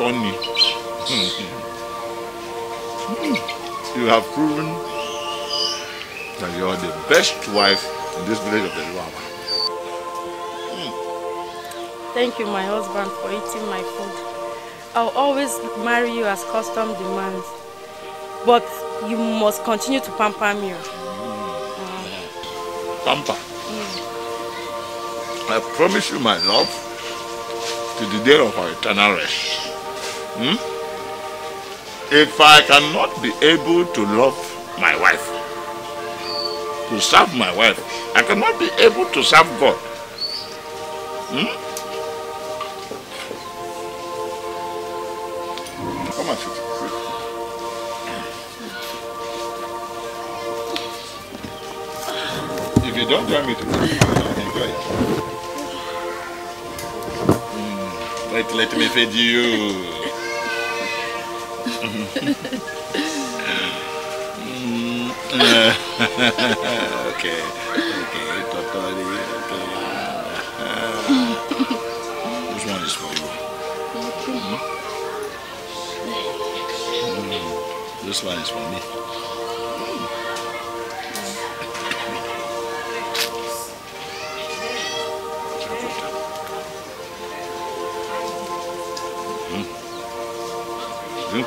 Tony. Hmm. Hmm. you have proven that you are the best wife in this village of Eluawa. Hmm. Thank you, my husband, for eating my food. I'll always marry you as custom demands. But you must continue to pamper me. Pamper? Mm. I promise you my love to the day of our eternal rest. Hmm? If I cannot be able to love my wife, to serve my wife, I cannot be able to serve God.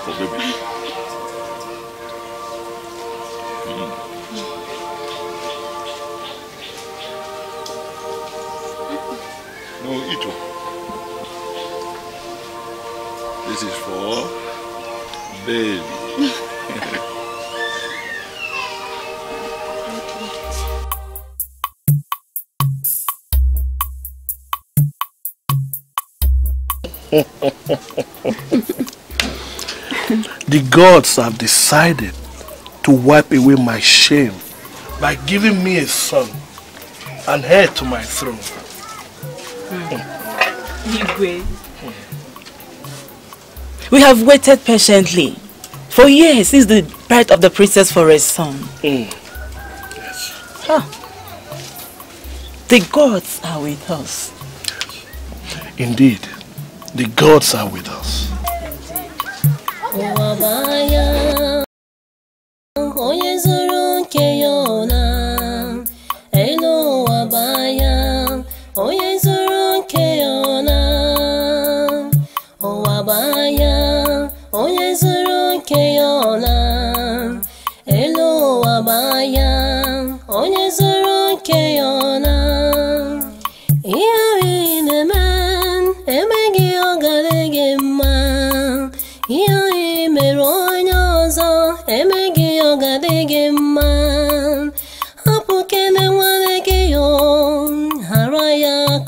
the limit. gods have decided to wipe away my shame by giving me a son and heir to my throne. mm. mm. we have waited patiently for years since the birth of the princess for a son. Mm. Huh. The gods are with us. Indeed, the gods are with us. உவவாயா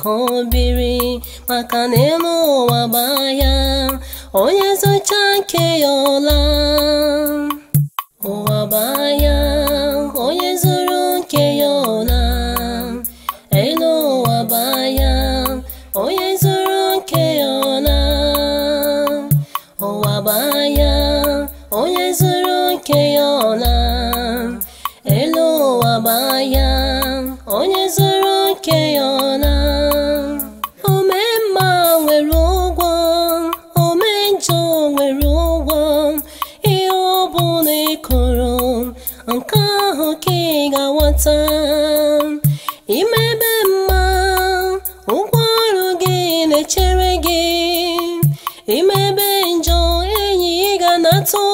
ahụ biri maka na elu ụwa gbaa onye zụcha nke ya ọla ụwa gbaa onye zụrụ nke ya ọla elu ụwa gbaa onye zụrụ nke ya ọla ụwa gbaa onye zụrụ nke ya ọla elu ụwa gbaa onye zụrụ nke ya ọla ike ga-anwata imebe mma ugwo again ọrụ gị na-echere gị imebe njọ enyi ị ga na-atụ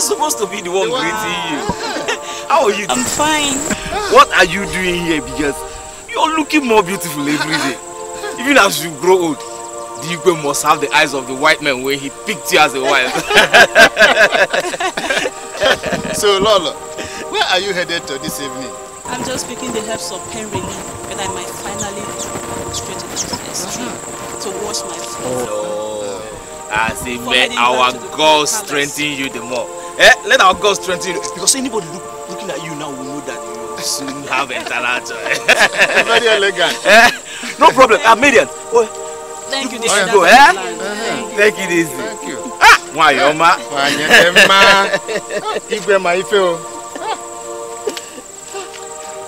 are supposed to be the one greeting you. How are you? I'm fine. What are you doing here? Because you're looking more beautiful every day. Even as you grow old, the Igwe must have the eyes of the white man when he picked you as a wife. so, Lolo, where are you headed to this evening? I'm just picking the herbs of pain relief that I might finally straight into the extreme uh-huh. to wash my oh, feet. Oh, oh. as a man, our God strengthen you the more. Eh? Let our God strengthen you. Because anybody look, looking at you now will know that you soon have a talent. Eh? Very elegant. Eh? No problem. I'm median. Oh, Thank you, this is go, eh? Thank, you, Thank you. Ah, why, Oma? Why, Emma? Igwe ma ife o.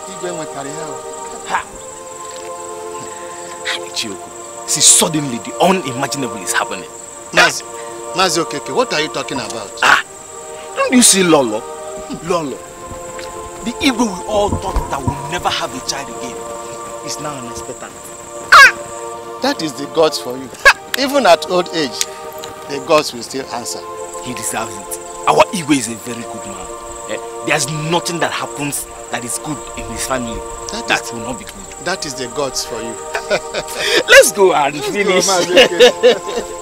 Igwe ma kari ha. see, suddenly the unimaginable is happening. Mazi, Mazi what are you talking about? Ah, Don't you see Lolo? Lolo, the evil we all thought that we'll never have a child again is now an expectant. Ah! That is the gods for you. Even at old age, the gods will still answer. He deserves it. Our Igwe is a very good man. Eh? There's nothing that happens that is good in his family. That, that is, will not be good. That is the gods for you. Let's go and Let's finish. Go,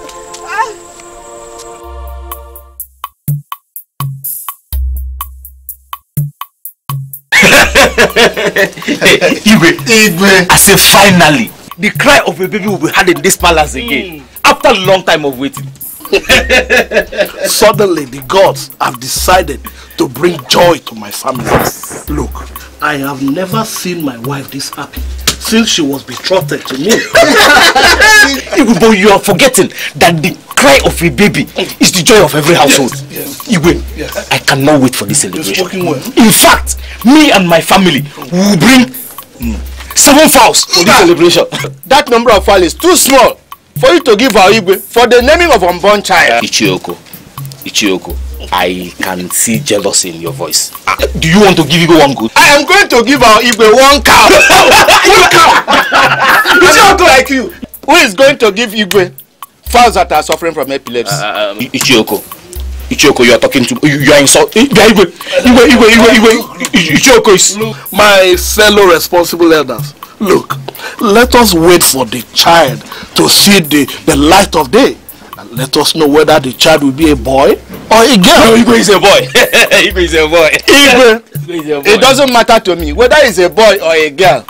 Igwe. Igwe. I say finally, the cry of a baby will be heard in this palace hmm. again. Mm. After a long time of waiting. Suddenly, the gods have decided to bring joy to my family. Look, I have never seen my wife this happy since she was betrothed to me. but you are forgetting that the cry of a baby is the joy of every household. Yes, yes. Iwe, yes. I cannot wait for this celebration. In fact, me and my family will bring seven fowls for this ah. celebration. That number of fowls is too small for you to give our Igwe for the naming of unborn child. Ichioko, Ichioko, I can see jealousy in your voice. Uh, do you want to give Igwe one good? I am going to give our Igwe one cow. one cow. Ichioko like you. Who is going to give Igwe fowls that are suffering from epilepsy. Uh, uh um, Ichioko. Ichioko, you are talking to you, you are insulting. Yeah, Iwe, Iwe, Iwe, Iwe, Iwe. Ichioko is my fellow responsible elders. Look, let us wait for the child to see the, the light of day. And let us know whether the child will be a boy or a girl. No, Igwe is a boy. Igwe is a boy. Igwe. is a boy. It doesn't matter to me whether it's a boy or a girl.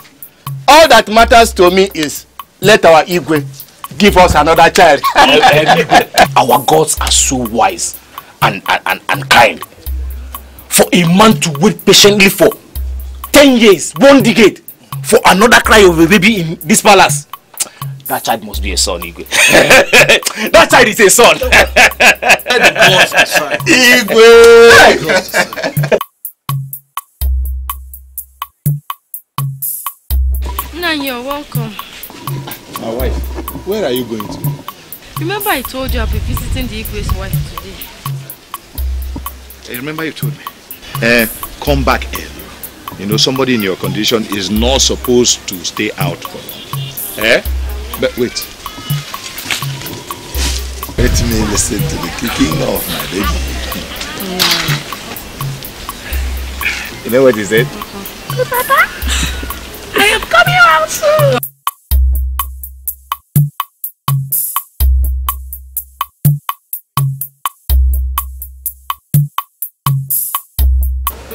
All that matters to me is let our Igwe give us another child. Our gods are so wise and, and, and, kind. For a man to wait patiently for 10 years, one decade, for another cry of a baby in this palace. That child must be a son, Igwe. that child is a son. Igwe! Nan, you're welcome. My wife. Where are you going to? Remember I told you I'll be visiting the Igwe's wife today. I remember you told me. Uh, come back early. You know, somebody in your condition is not supposed to stay out for long. Eh? But wait. Let me listen to the kicking of my baby. You know what he said? Papa, I am coming out soon.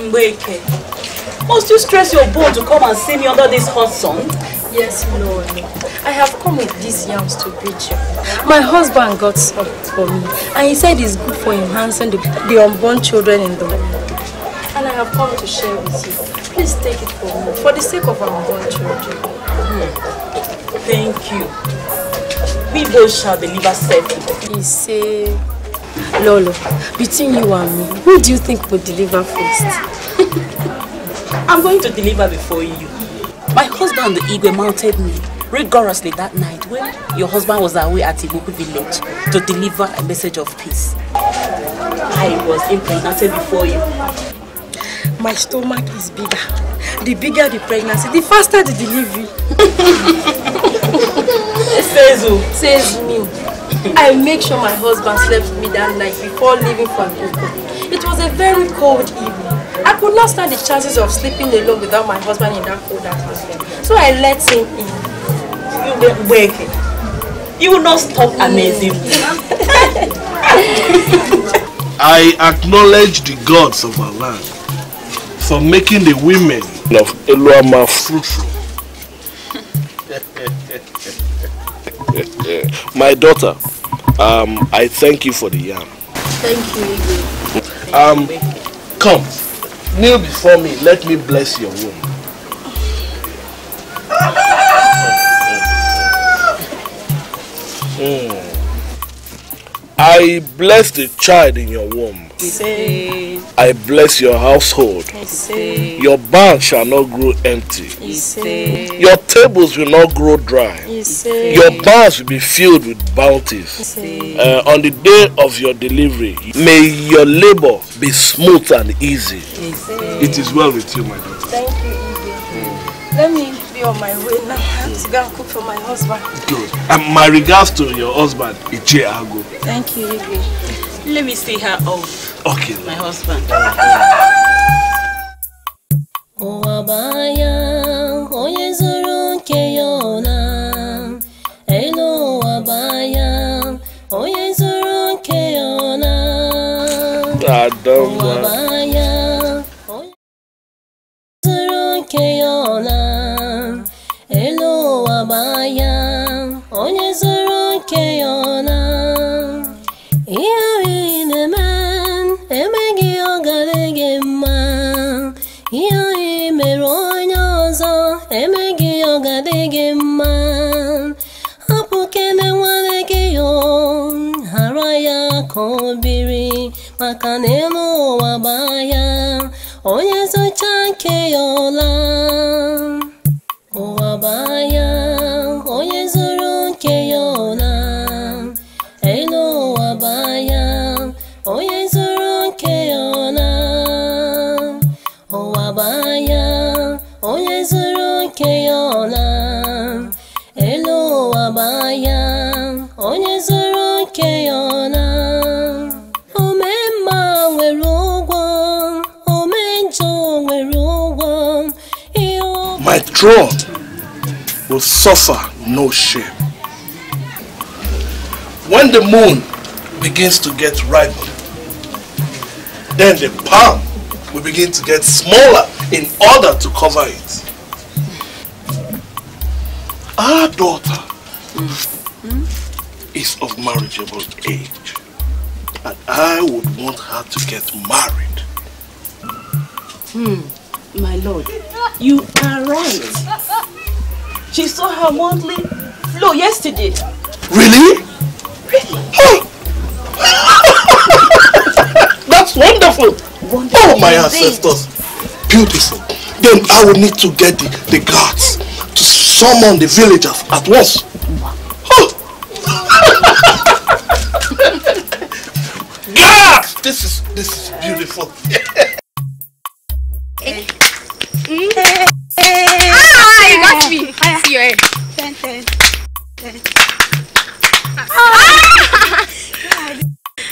Mbeke. Must you stress your bone to come and see me under this hot sun? Yes, Lord. I have come with these yams to preach you. My husband got some for me, and he said it's good for enhancing the, the unborn children in the world. And I have come to share with you. Please take it for me, for the sake of our unborn children. Hmm. Thank you. We both shall deliver safely. He said... Lolo, between you and me, who do you think will deliver first? I'm going to deliver before you. My husband, the Igwe, mounted me rigorously that night when your husband was away at Igoku village to deliver a message of peace. I was impregnated before you. My stomach is bigger. The bigger the pregnancy, the faster the delivery. Sezu. Sezu. I make sure my husband slept with me that night before leaving for Akoko. It was a very cold evening. I could not stand the chances of sleeping alone without my husband in that cold atmosphere. So I let him in. You were working. You will not stop amazing. I acknowledge the gods of our land for making the women of Eluama fruitful. My daughter, um, I thank you for the yam. Thank you, Igwe. Um, come, kneel before me. Let me bless your womb. Mm. I bless the child in your womb. Say. I bless your household. Your barn shall not grow empty. Your tables will not grow dry. Your barns will be filled with bounties. Uh, on the day of your delivery, may your labor be smooth and easy. It is well with you, my daughter. Thank you, Let me be on my way now. I have to go and cook for my husband. Good. And my regards to your husband, Iche Ago. Thank you, Let me see her off. Okay. My husband. Oh, baya Oh, zuru nke ya ọla elu ụwa baya onye zuru nke ya ọla obiri maka na elu ụwa gbaa withdrawn will suffer no shame. When the moon begins to get riper, then the palm will begin to get smaller in order to cover it. Our daughter is of marriageable age and I would want her to get married. Hmm my lord, you are right. She saw her monthly flow yesterday. Really? Really? Oh. That's wonderful. wonderful. Oh, my ancestors. Beautiful. Then I will need to get the, the guards to summon the villagers at once. guards! This is, this is beautiful. Mm? ah, you got me. See your head. Ten, ten, ten. Ah.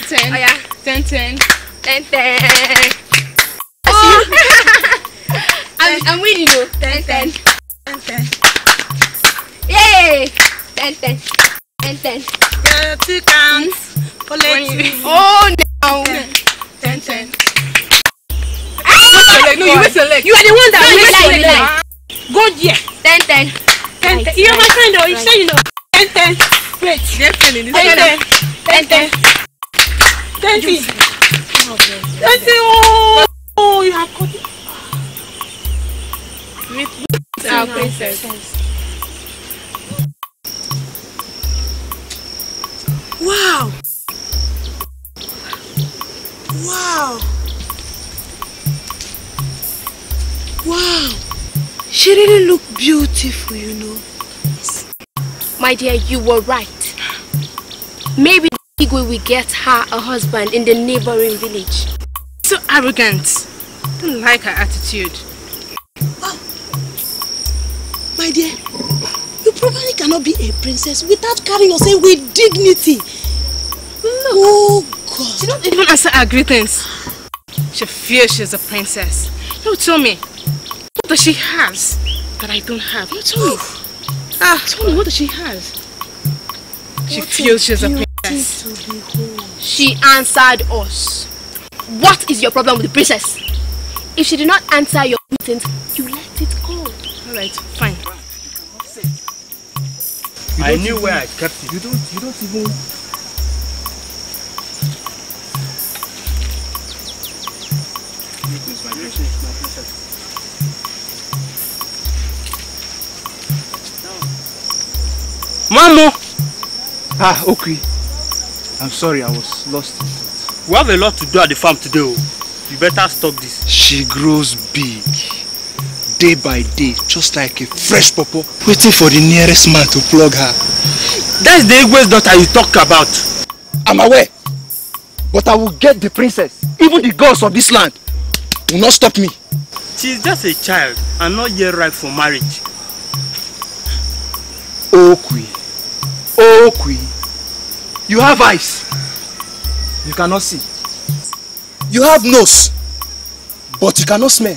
ten. Oh, yeah. ten, ten, ten, ten. Oh. I'm, I'm winning though. Ten, ten, ten, ten. Yay! Ten, ten, ten, ten. Two counts. Mm. Oh, now. Ten, ten, ten. ten. Oh, leg. No, you waste your leg. You are the one that no, waste your leg. leg. Go there. Ten ten. Ten ten. You my friend though. You say you know. Ten ten. Wait. Ten ten. Ten ten. Ten ten. Ten ten. Oh, oh, you have cut it. our Wow. Wow. Wow, she really looked beautiful, you know. My dear, you were right. Maybe Igwe will get her a husband in the neighboring village. So arrogant. Don't like her attitude. Oh, my dear, you probably cannot be a princess without carrying yourself with dignity. Look, oh God. She does not even answer our greetings. She fears she's a princess. You tell me, what does she has that I don't have? You tell me. Ah. Tell me what does she has? What she feels she's a princess. She answered us. What is your problem with the princess? If she did not answer your meetings, you let it go. Alright, fine. I knew even, where I kept it. You don't you don't even Mamo! Ah, okay. I'm sorry, I was lost in thought. We have a lot to do at the farm today. Oh. You better stop this. She grows big. Day by day, just like a fresh pawpaw, waiting for the nearest man to plug her. That's the Igwe's daughter you talk about. I'm aware. But I will get the princess. Even the gods of this land will not stop me. She's just a child and not yet ripe for marriage. Okay. Oh queen, you have eyes. You cannot see. You have nose, but you cannot smell.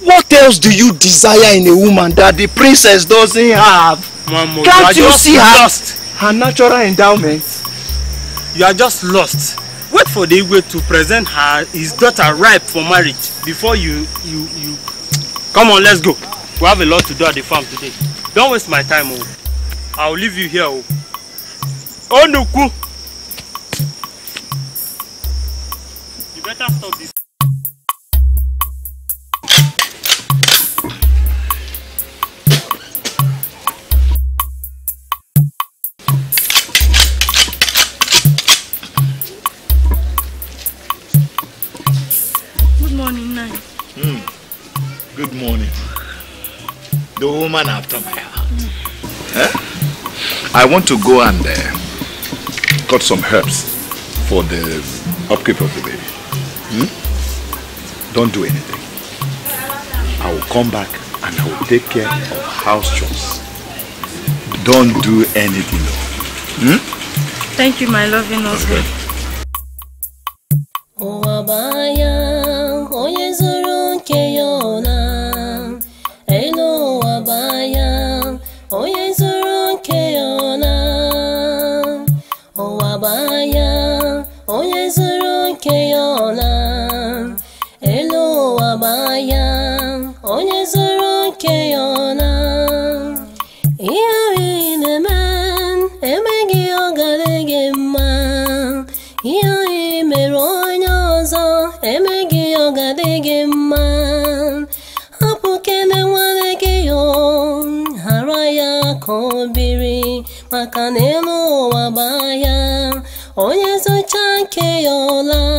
What else do you desire in a woman that the princess doesn't have? Mama, Can't you, you see her? Lost. Her natural endowment. You are just lost. Wait for the Igwe to present her his daughter ripe for marriage before you you you. Come on, let's go. We have a lot to do at the farm today. Don't waste my time. Oh. I'll leave you here. Onuku! Oh. Oh, you better stop this. Good morning, Nai. Mm. Good morning. The woman after my heart. Mm. I want to go and uh, cut some herbs for the upkeep of the baby. Hmm? Don't do anything. I will come back and I will take care of house chores. Don't do anything. Hmm? Thank you, my loving husband. olan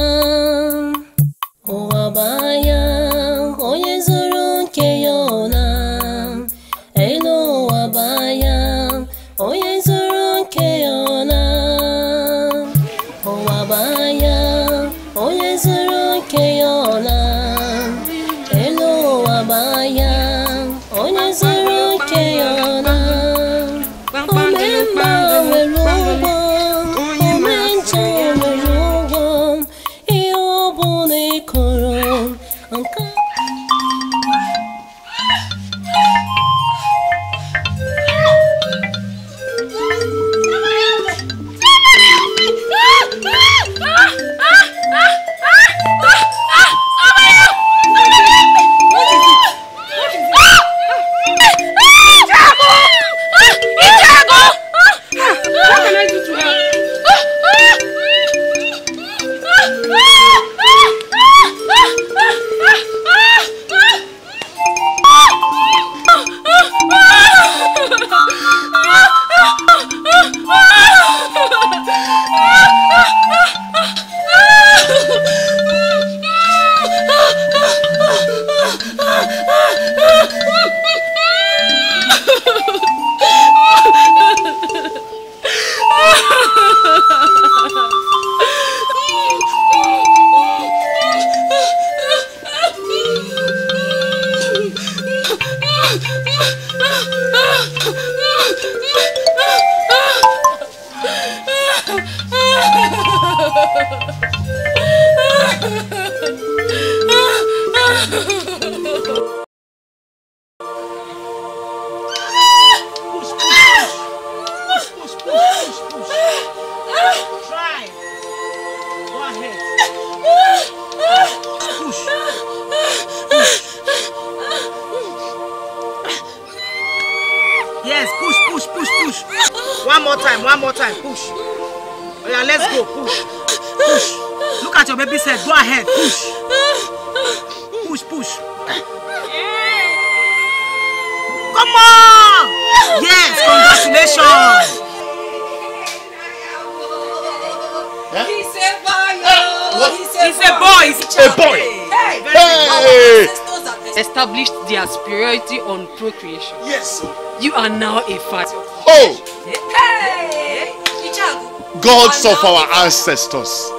our ancestors,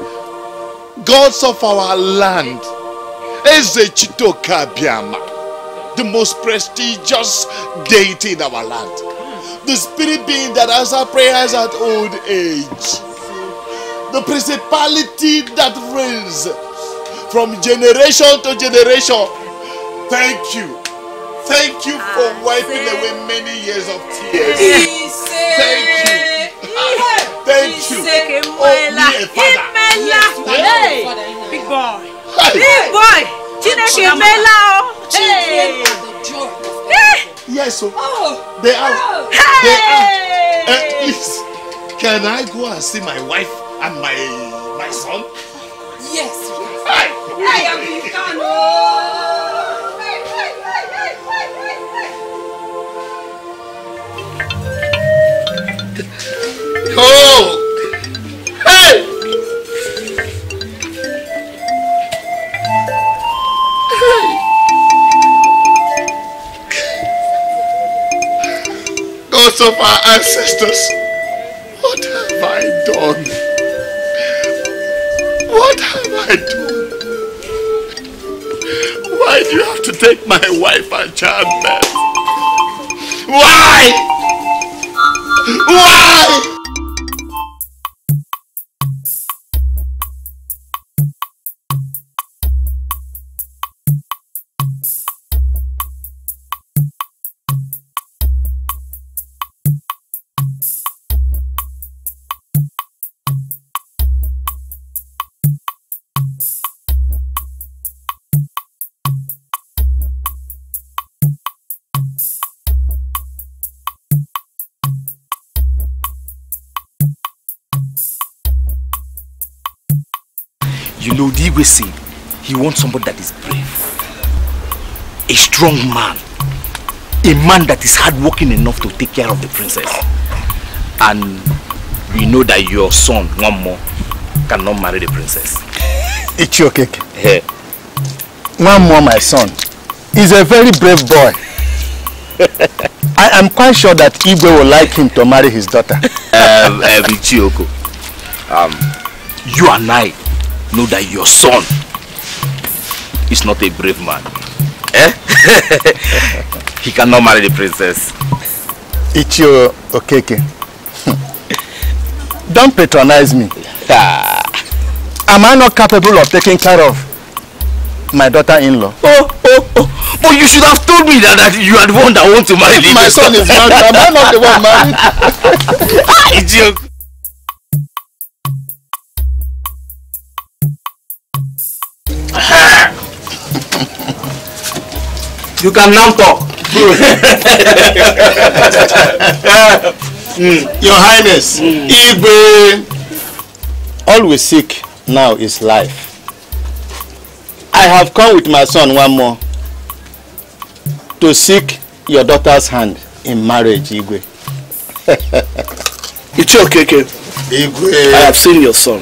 gods of our land. the most prestigious deity in our land. The spirit being that answers prayers at old age. The principality that reigns from generation to generation. Thank you. Thank you for ah, wiping away many years of tears. Thank you. Thank you. Big oh, boy. Big boy. Hey. Eh. Yes, oh. oh. they are. Hey. They are. can I go and see my wife of our ancestors. What have I done? What have I done? Why do you have to take my wife and child back? Why? Why? Lodi say he wants somebody that is brave, a strong man, a man that is hardworking enough to take care of the princess. And we know that your son, one more, cannot marry the princess. It's your cake. Yeah. One more, my son, is a very brave boy. I am quite sure that Igwe will like him to marry his daughter. um, um, um, you and I know that your son is not a brave man. Eh? he cannot marry the princess. Ichio Okeke. Don't patronize me. Ah. Am I not capable of taking care of my daughter-in-law? Oh, oh, oh. But you should have told me that, that you are the one that wants to marry the My son is married. Am I not the one married? Ah, Ichio you can now talk. mm. Your Highness, mm. All we seek now is life. I have come with my son one more to seek your daughter's hand in marriage, Igwe. it's okay, okay. Igwe. I have seen your son.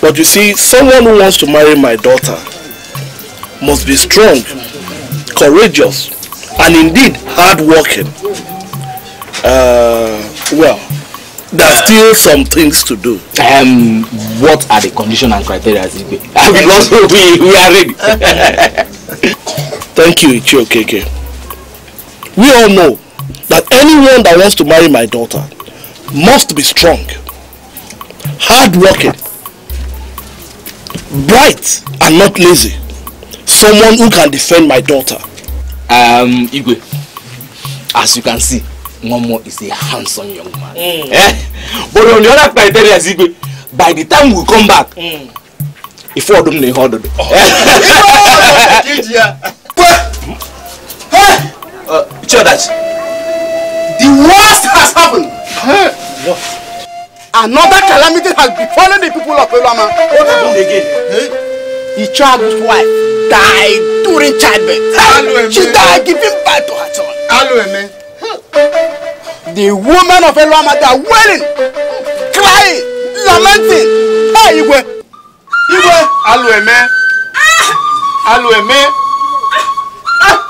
But you see, someone who wants to marry my daughter must be strong courageous, and indeed hardworking. Uh, well, there are still some things to do. Um, what are the conditions and criteria? because we, we are ready. Thank you, Ichio KK. We all know that anyone that wants to marry my daughter must be strong, hardworking, bright, and not lazy. someone who can defend my daughter. Um, Igwe, as you can see, Momo is a handsome young man. Mm. Eh? But on the other criteria, Igwe, by the time we come back, mm. if all them they hold it. Eh? Uh, Chodachi, the worst has happened. Huh? No. Another calamity has befallen the people of Elama. What happened again? Huh? He charged his wife. Die during childbirth. Aloeme. She died giving birth to her son. Aloeme. The woman of Eluamadi are wailing, crying, lamenting. Hey, Igwe. Igwe. Aloeme. Aloeme. Ah.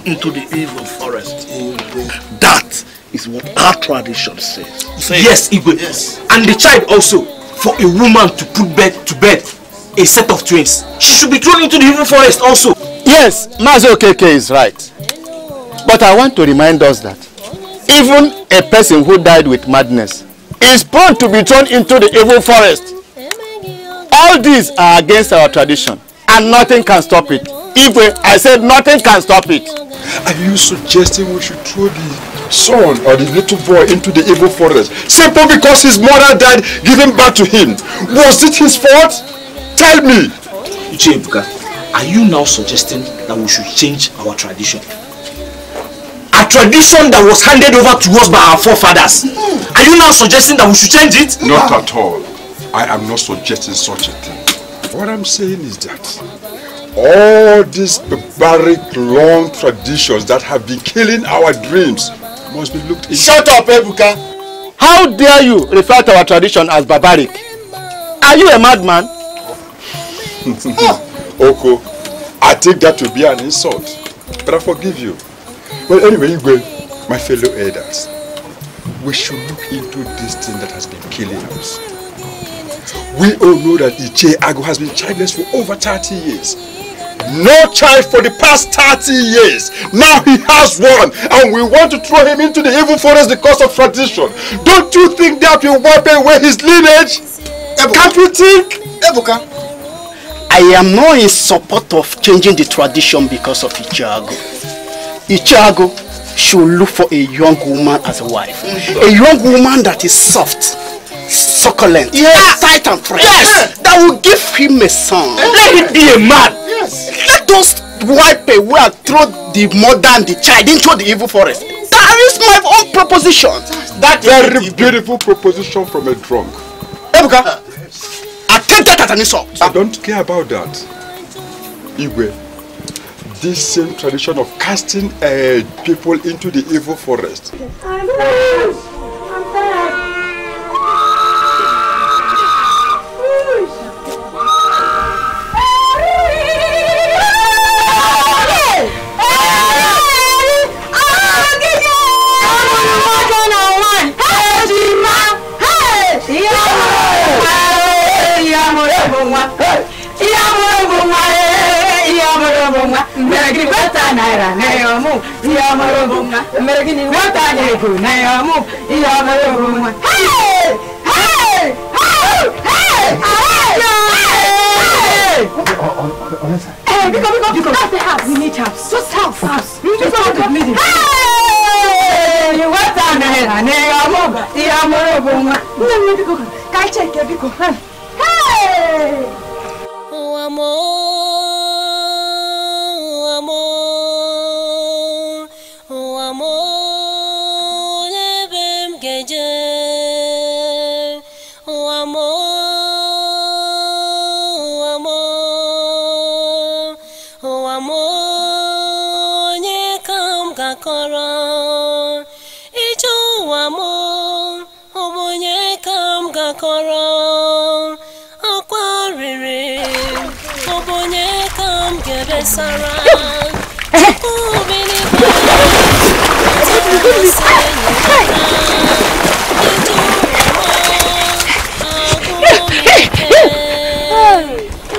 gone into the evil forest. That is what our tradition says. Say yes, Igwe. Yes. And the child also, for a woman to put bed to bed, a set of twins, she should be thrown into the evil forest also. Yes, Mazo KK is right. But I want to remind us that even a person who died with madness is prone to be thrown into the evil forest. All these are against our tradition and nothing can stop it. If we, I said nothing can stop it. Are you suggesting we should throw the son or the little boy into the evil forest simply because his mother died giving birth to him? Was it his fault? Tell me! Ichibuka, are you now suggesting that we should change our tradition? A tradition that was handed over to us by our forefathers. Are you now suggesting that we should change it? Not at all. I am not suggesting such a thing. What I'm saying is that all these barbaric long traditions that have been killing our dreams must be looked into. Shut up, Ebuka! How dare you refer to our tradition as barbaric? Are you a madman? oh. Oko, I take that to be an insult, but I forgive you. Well, anyway, Igwe, my fellow elders, we should look into this thing that has been killing us. We all know that Iche Ago has been childless for over 30 years no child for the past 30 years. Now he has one, and we want to throw him into the evil forest because of tradition. Don't you think that will wipe away his lineage? Ebuka. Can't you think? Evoka? I am not in support of changing the tradition because of Ichago. Ichago should look for a young woman as a wife. A young woman that is soft, succulent, yes. tight and fresh. Yes. That will give him a son. Let him be a man. Yes. Let those wipe away throw the mother and the child into the evil forest. That is my own proposition. That very beautiful proposition from a drunk. Ebuka, uh, take that as an insult. I don't care about that. Igwe, this same tradition of casting uh, people into the evil forest. naira nayamu iya marogumna mergini wata nyeku nayamu iya marogumna hey hey hey hey Hey, Biko, Biko, Biko, that's the house. We need house. Just house, house. Just house. Hey, what's on there? Nega, move. Yeah, move, move. No, no, Biko. Kai check, Biko. Hey. Oh, amor. us around.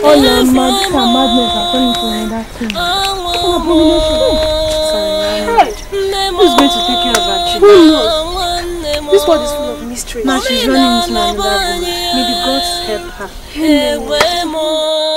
All your mad and madness are turning to another thing. Oh, abomination. Who's going to take care of our children? Who knows? This world is full of mysteries. Now she's running into another woman. May the gods help her. Amen.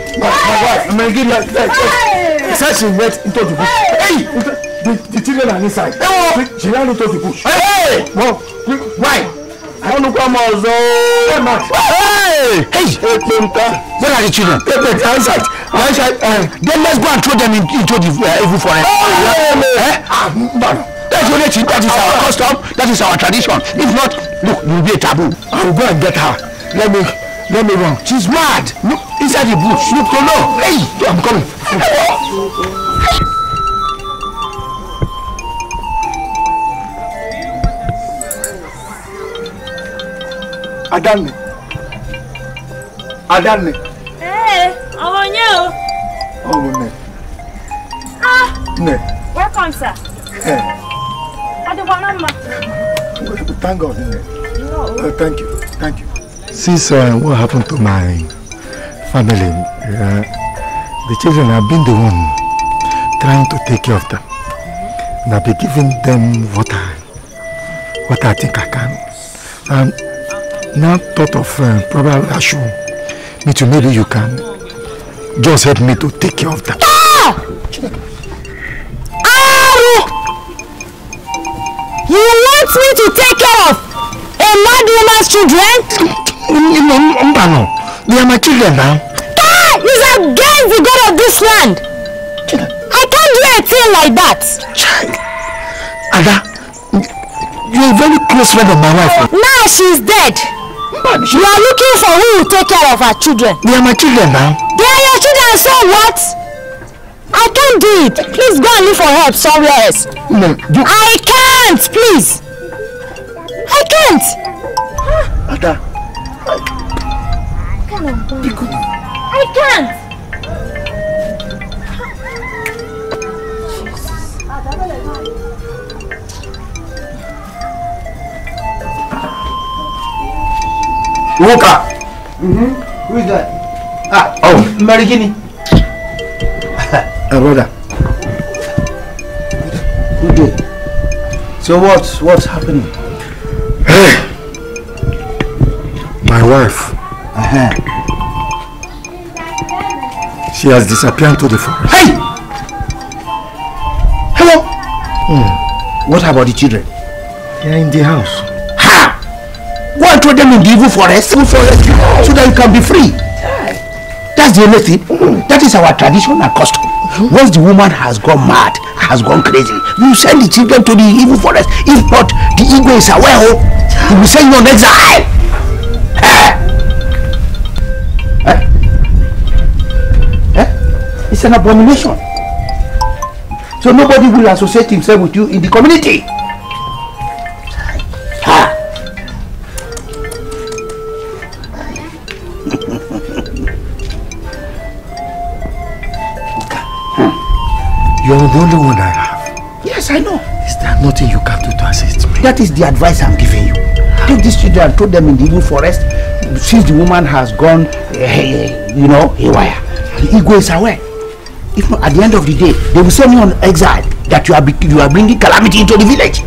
my wife give me that say she went into the bush hey the the children are inside she ran into the bush hey well why. Onukwa Mozo. Hey! Hey! Where are the children? Pepe, outside. outside. Uh, then let's go and throw them into the uh, evil forest. Hey! Eh? Ah, That's what it That is our custom. That is our tradition. If not, look, it be a taboo. I will go and get her. Let me Get me wrong. She's mad. Look inside the bush. Look to know. Hey, I'm coming. Adanne. Adanne. Hey, how are you? Oh, mi. Ah. Ne. Welcome, sir. Hey. Eh. want, ma. Thank God. No. Uh, thank you. Thank you. Since uh, what happened to my family, uh, the children have been the one trying to take care of them. And I've been giving them what I, what I think I can. And now thought of uh, probably I should meet you. Maybe you can just help me to take care of them. Ah! You want me to take care of mad woman's children? Mbano, they are my children now. Yeah, these are girls the god of this land. I can't do a thing like that. Child, Ada, you're a very close friend of my wife. Now she's dead. But You are looking for who will take care of her children. They are my children now. They are your children, so what? I can't do it. Please go and look for help somewhere else. No, you... I can't, please. I can't! Ada! Come on, Piku. I can't! Luka! Mm -hmm. Who is that? Ah, oh. Marigini. uh, brother. Good day. So what's What's happening? Hey, my wife. Uh-huh. She has disappeared to the forest. Hey! Hello? Mm. What about the children? They are in the house. Ha! Go and throw them in the evil forest, evil forest, so that you can be free. That's the only thing. Mm. That is our traditional custom. Once the woman has gone mad, has gone crazy, you send the children to the evil forest. If not, the evil is aware. Oh, he will send you on exile. Eh? eh? Eh? It's an abomination. So nobody will associate himself with you in the community. the only one I have. Yes, I know. Is there nothing you can do to assist me? That is the advice I'm giving you. Take these children and throw them in the evil forest since the woman has gone, uh, you know, haywire. The ego is aware. If not, at the end of the day, they will send you on exile that you are, you are bringing calamity into the village.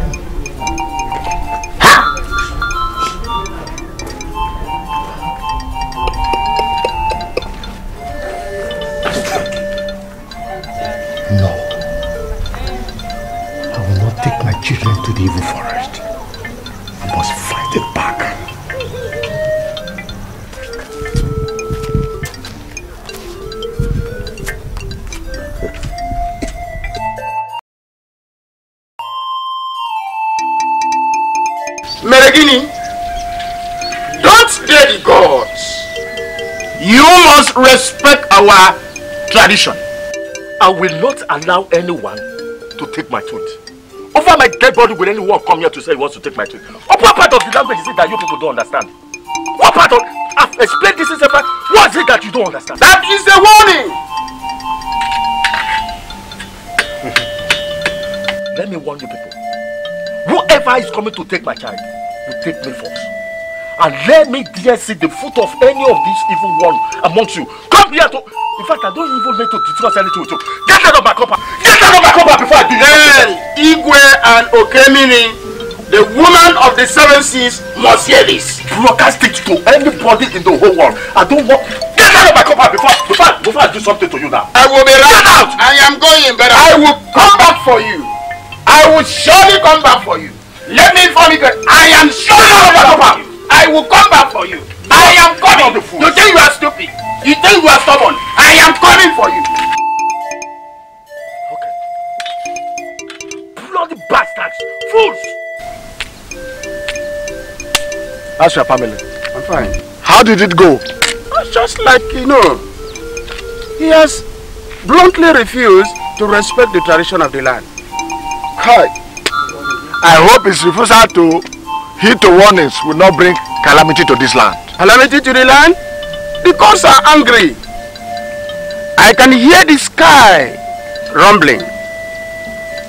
will not allow anyone to take my tooth. Over my dead body will anyone come here to say he wants to take my tooth. Or what part of the language is it that you people don't understand? What part of... I've explained this in separate? What is it that you don't understand? That is a warning! Let me warn you people. Whoever is coming to take my child, will take me first. And let me dare see the foot of any of these evil ones amongst you. Come here to... In fact, I don't even mean to discuss anything with you. Get out of my copper! Get out of my copper before I do that! Igwe and Okemini, the woman of the seven seas must hear this. Broadcast it to anybody in the whole world. I don't want... Get out of my copper before, before, before I do something to you now. I will be right out! I am going, but I will come back for you. I will surely come back for you. Let me inform you, I am surely out of my you. I will come back for you. I am coming. You think you are stupid? You think you are stubborn? I am coming for you. Okay. Bloody bastards, fools. How's your family? I'm fine. How did it go? Just like, you know, he has bluntly refused to respect the tradition of the land. Hi. I hope his refusal to heed the warnings will not bring calamity to this land me to the land? The gods are angry. I can hear the sky rumbling,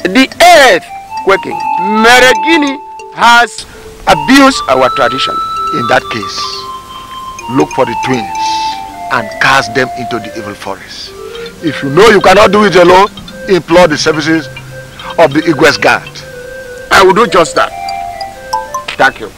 the earth quaking. Meregini has abused our tradition. In that case, look for the twins and cast them into the evil forest. If you know you cannot do it alone, implore the services of the Igwes Guard. I will do just that. Thank you.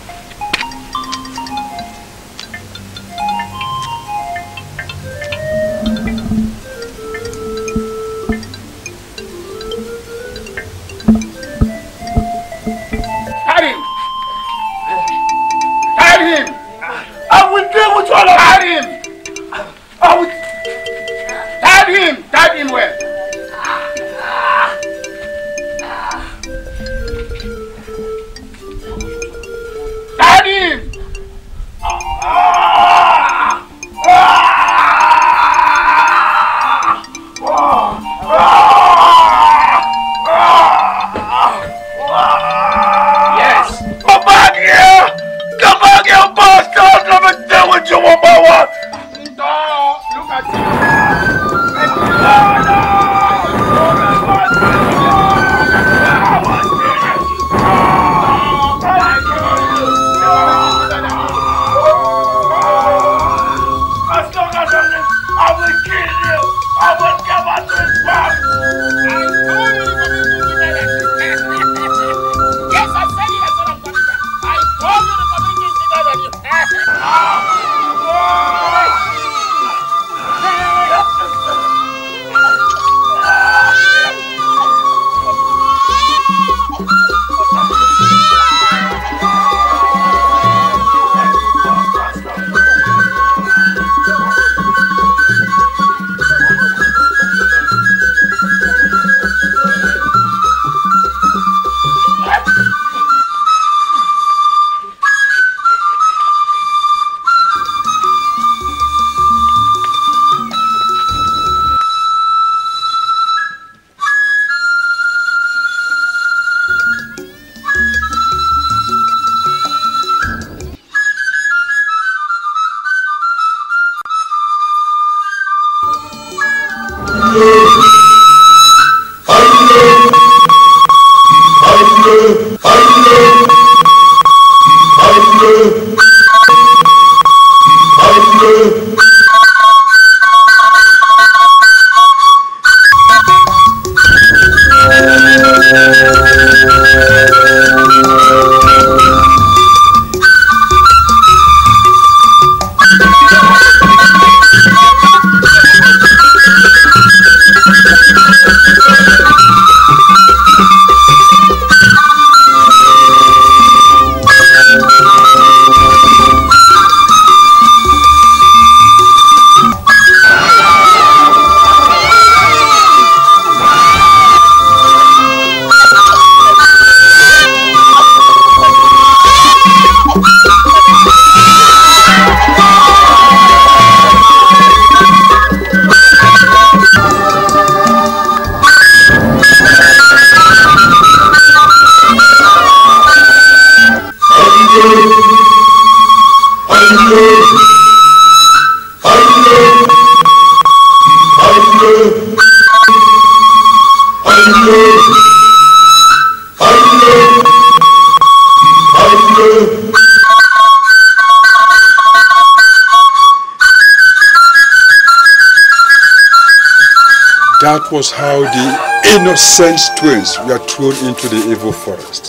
Sent twins were thrown into the evil forest.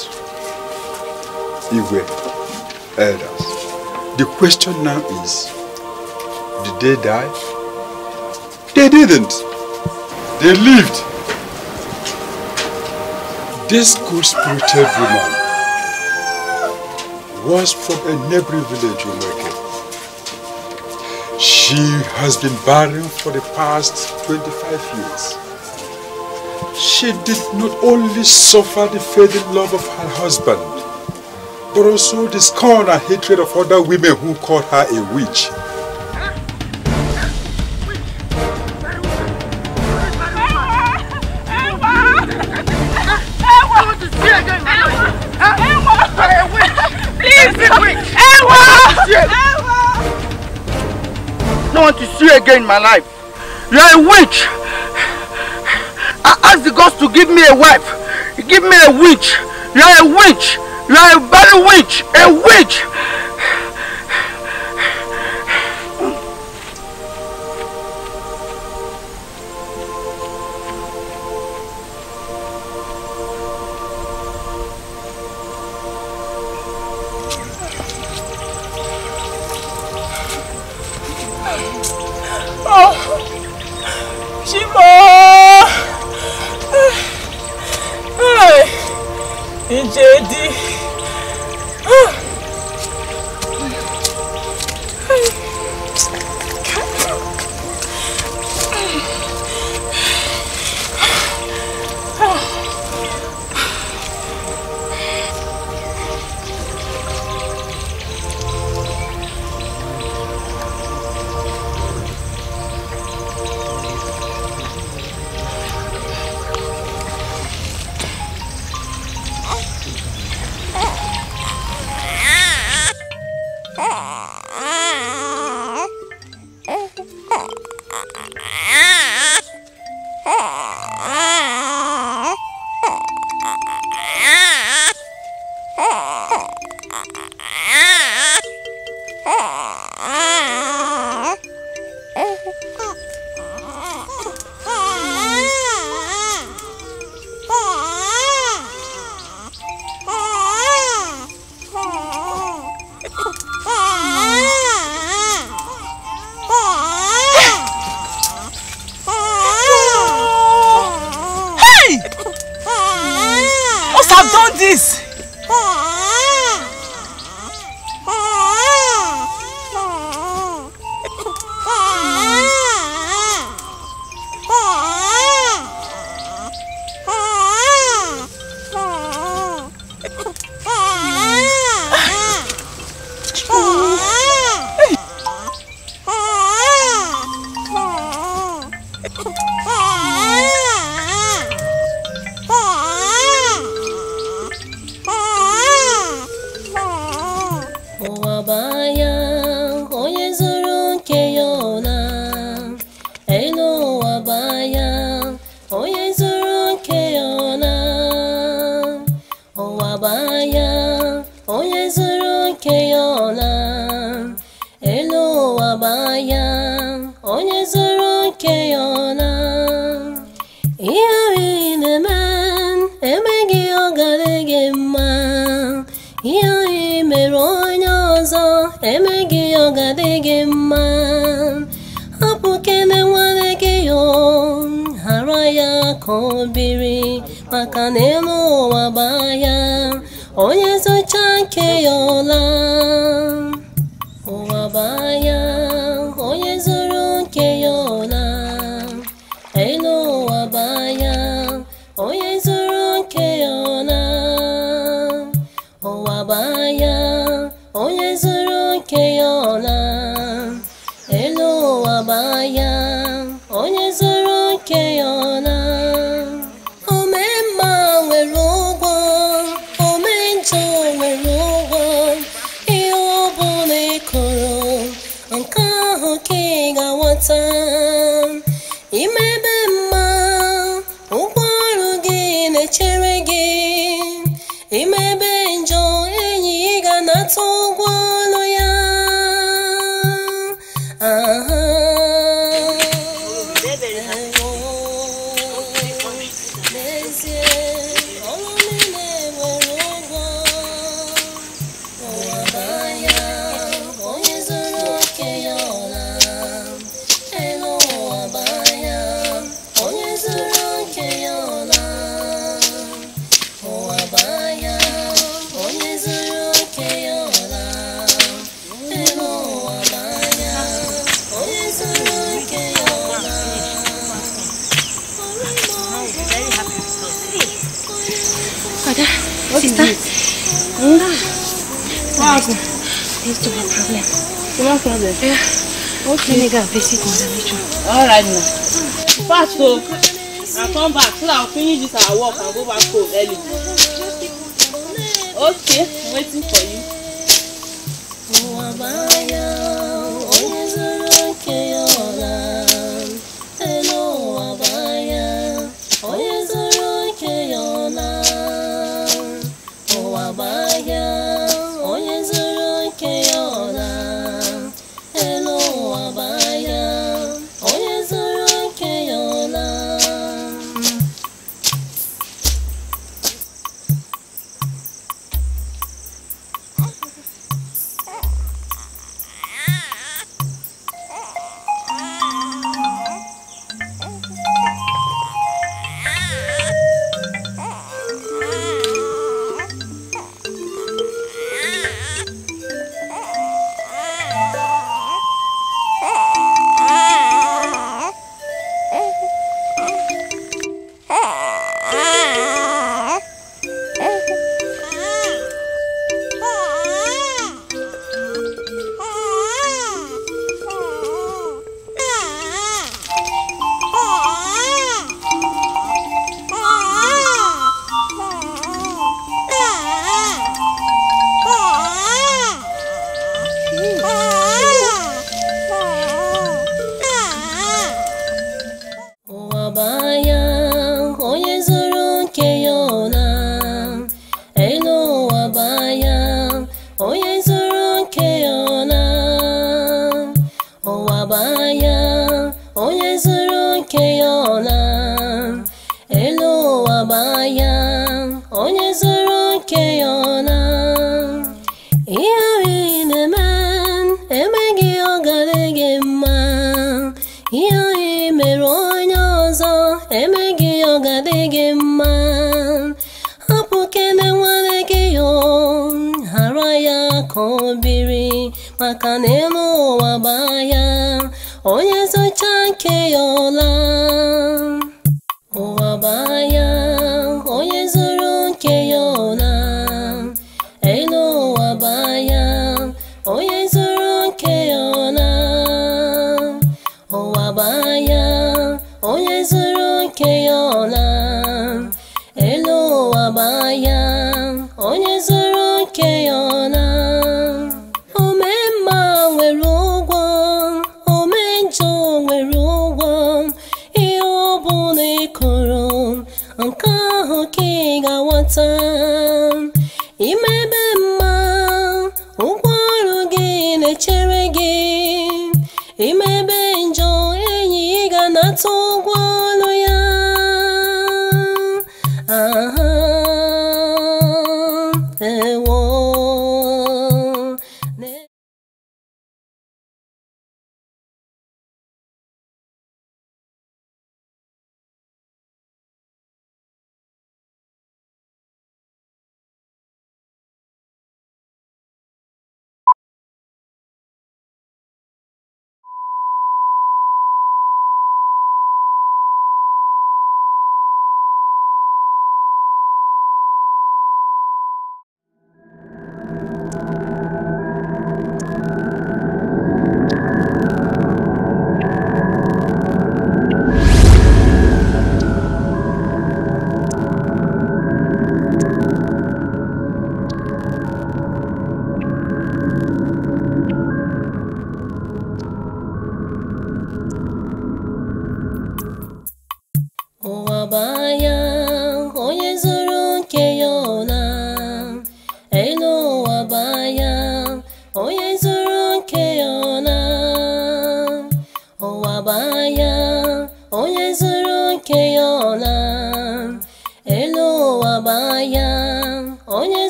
Igwe, elders, the question now is, did they die? They didn't. They lived. This good-spirited woman was from a neighboring village in Weke. She has been barren for the past 25 years she did not only suffer the fading love of her husband, but also the scorn and hatred of other women who called her a witch. I don't want to see you again in my life. You're a witch! ask the gods to give me a wife. Give me a witch. You're a witch. You're a bad witch. A witch.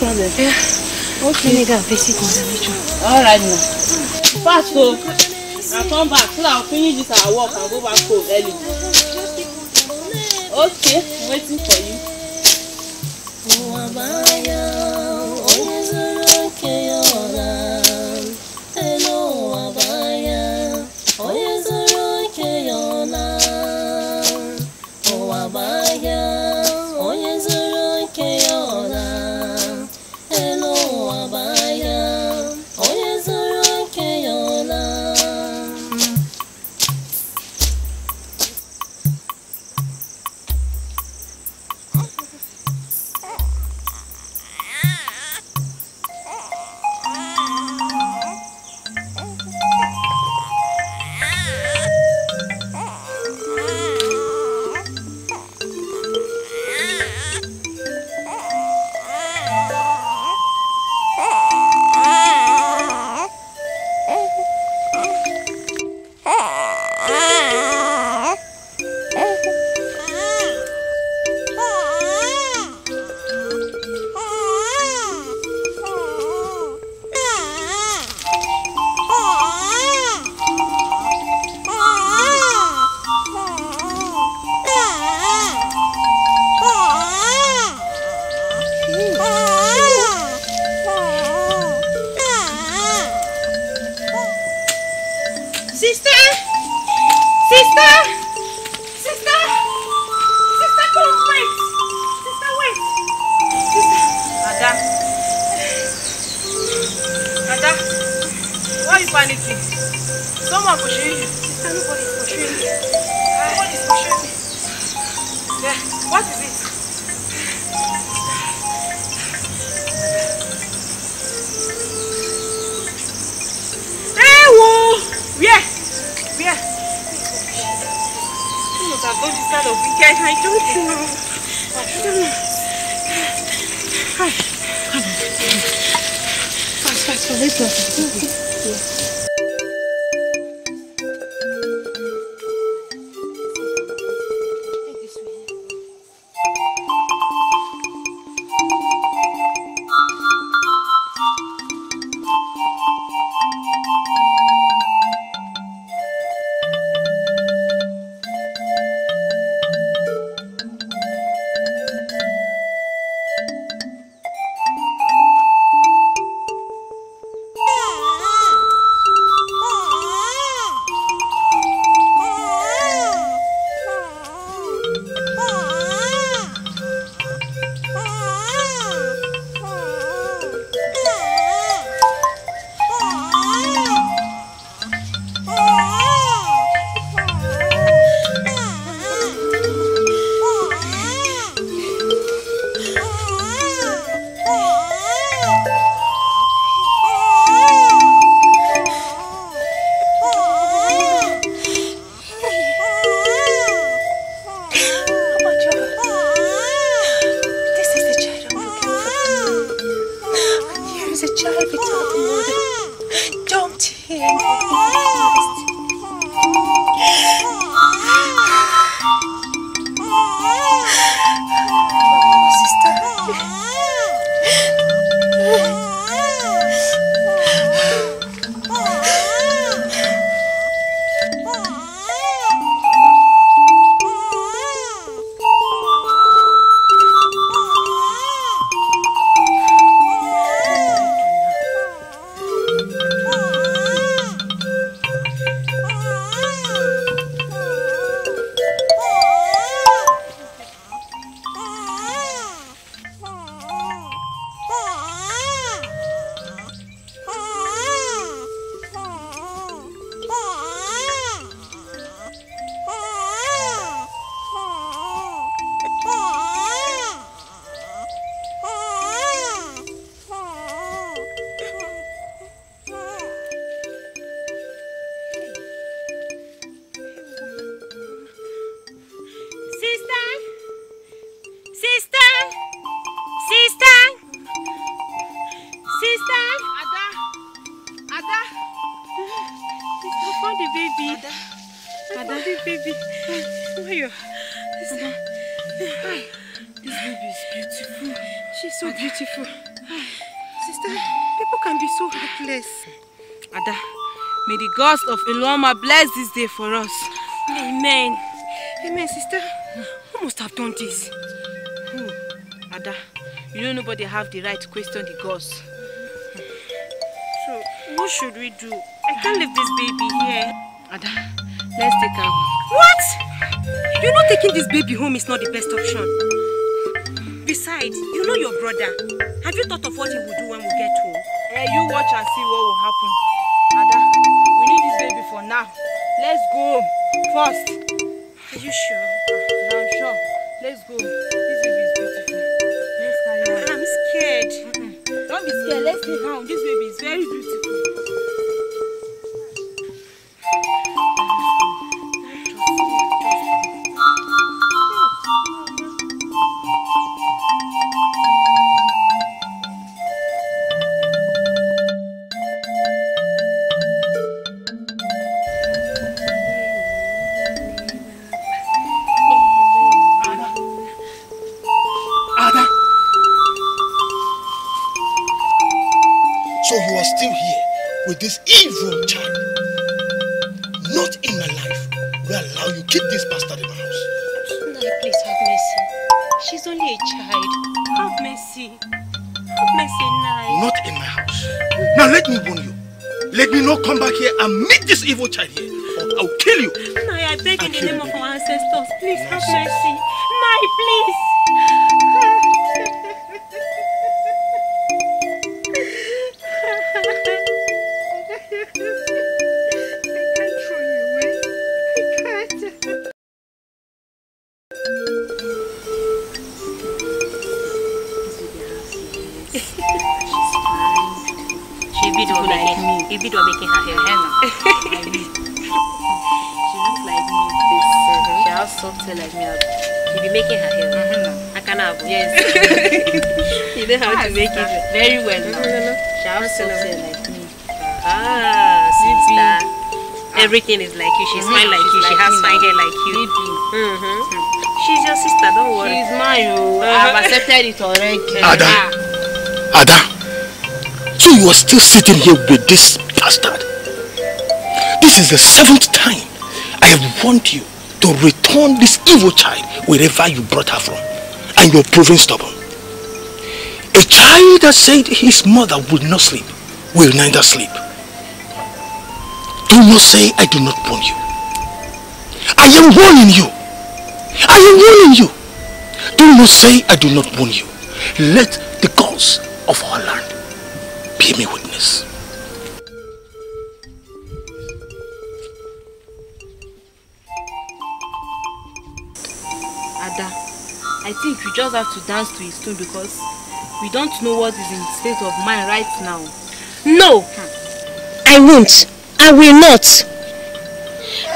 Okay. All right now. Fast so and come back so I'll finish this I walk and go back home early. Okay, I'm waiting for you. baby. Where are you? This, Mama. Hi. This baby is beautiful. She's so Ada. beautiful. Sister, people can be so heartless. Ada, may the gods of Iloma bless this day for us. Amen. Amen, sister. Who must have done this? Who? Ada, you know nobody have the right to question the gods. So, what should we do? I can't leave this baby here. Ada, Let's take her What? You know taking this baby home is not the best option. Besides, you know your brother. Have you thought of what he will do when we get home? Eh, you watch and see what will happen. Ada, we need this baby for now. Let's go home first. Are you sure? Yeah, I'm sure. Let's go. This baby is beautiful. Let's carry her. I'm scared. Mm -mm. Don't be scared. Let's take her home. This baby is very beautiful. Ada. Ah. Ada. So you are still sitting here with this bastard. This is the seventh time I have warned you to return this evil child wherever you brought her from. And you're proving stubborn. A child that said his mother would not sleep will neither sleep. Do not say I do not warn you. I am warning you. I am warning you. Do not say I do not warn you. Let the gods of our land be my witness. Ada, I think we just have to dance to his tune because we don't know what is in state of mind right now. No! I won't. I will not.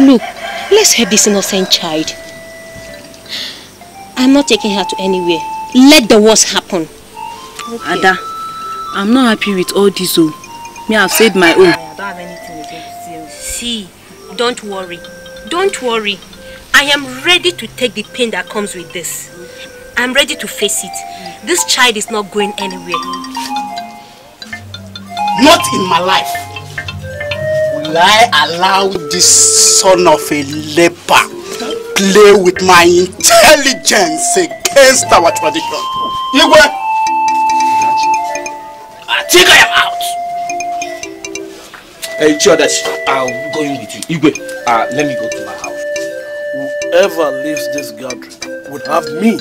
Look, let's help this innocent child. I'm not taking her to anywhere let the worst happen. Okay. Ada, I'm not happy with all this. Oh. Me, I've said my own. I don't have anything against you. See, don't worry. Don't worry. I am ready to take the pain that comes with this. I'm ready to face it. This child is not going anywhere. Not in my life will I allow this son of a leper play with my intelligence again against our tradition. Igwe! I think I am out. Hey, Chiodash, I'm going with you. Igwe, uh, let me go to my house. Whoever leaves this gathering would have me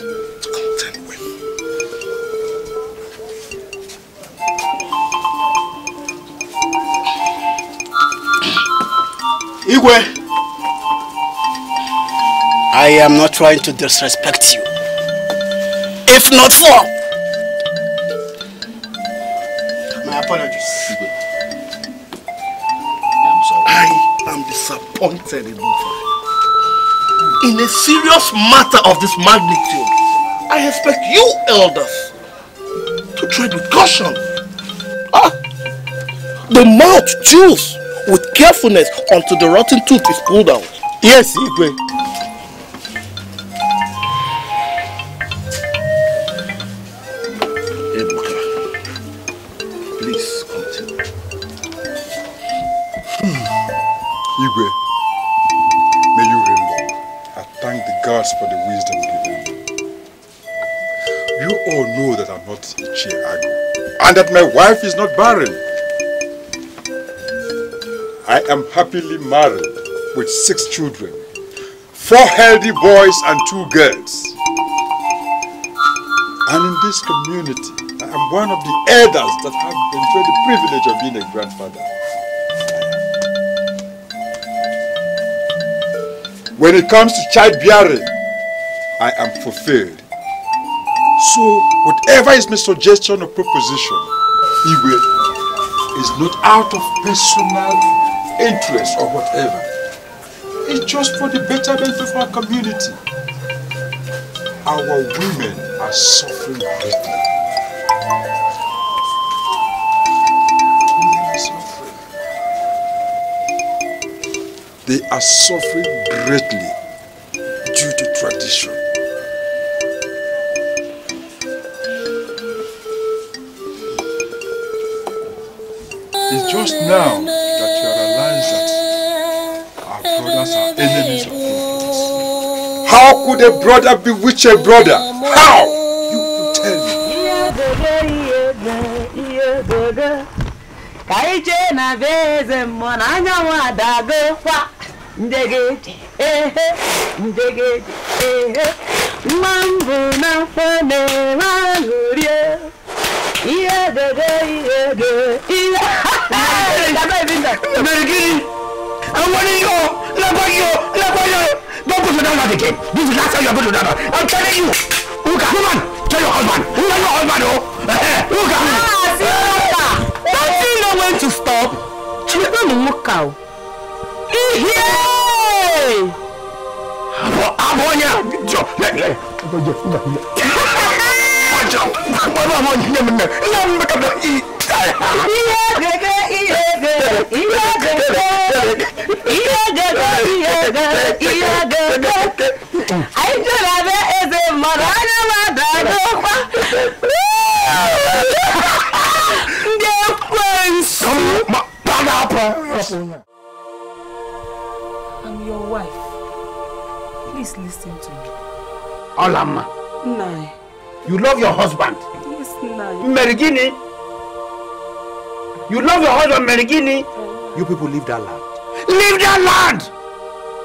Igwe! I am not trying to disrespect you if not for? My apologies. I'm sorry. I am disappointed in Mufa. In a serious matter of this magnitude, I expect you elders to tread with caution. Ah, the mouth chews with carefulness until the rotten tooth is pulled out. Yes, Igwe. You all know that I'm not Ichiago and that my wife is not barren. I am happily married with six children, four healthy boys and two girls. And in this community, I am one of the elders that have enjoyed the privilege of being a grandfather. When it comes to childbearing, I am fulfilled. So whatever is my suggestion or proposition, he will, is not out of personal interest or whatever. It's just for the betterment of our community. Our women are suffering greatly. are suffering. They are suffering greatly due to tradition. just now that you realize that our brothers are enemies of prophets. How could a brother bewitch a brother? How? You could tell me. ka na be eze ehe mma na mẹrìndínlẹ́ni àwọn oníyọ lágbáyọ lágbáyọ don't go to that man again this is the last time you are going to that man i'm telling you uka woman tell your husband Who uka your husband o uka. ah see don't you know when to stop chibita no uka o ihe. abọ abọ nya jọ lẹ lẹ. Ihe gege ihe good, you are good, you are good, you are good, you are good. I just love I'm your wife. Please listen to me. Olama. Nai. You love your husband. Yes, Nai. Merigini. You love your husband, Merigini. You people leave that land. Leave that land!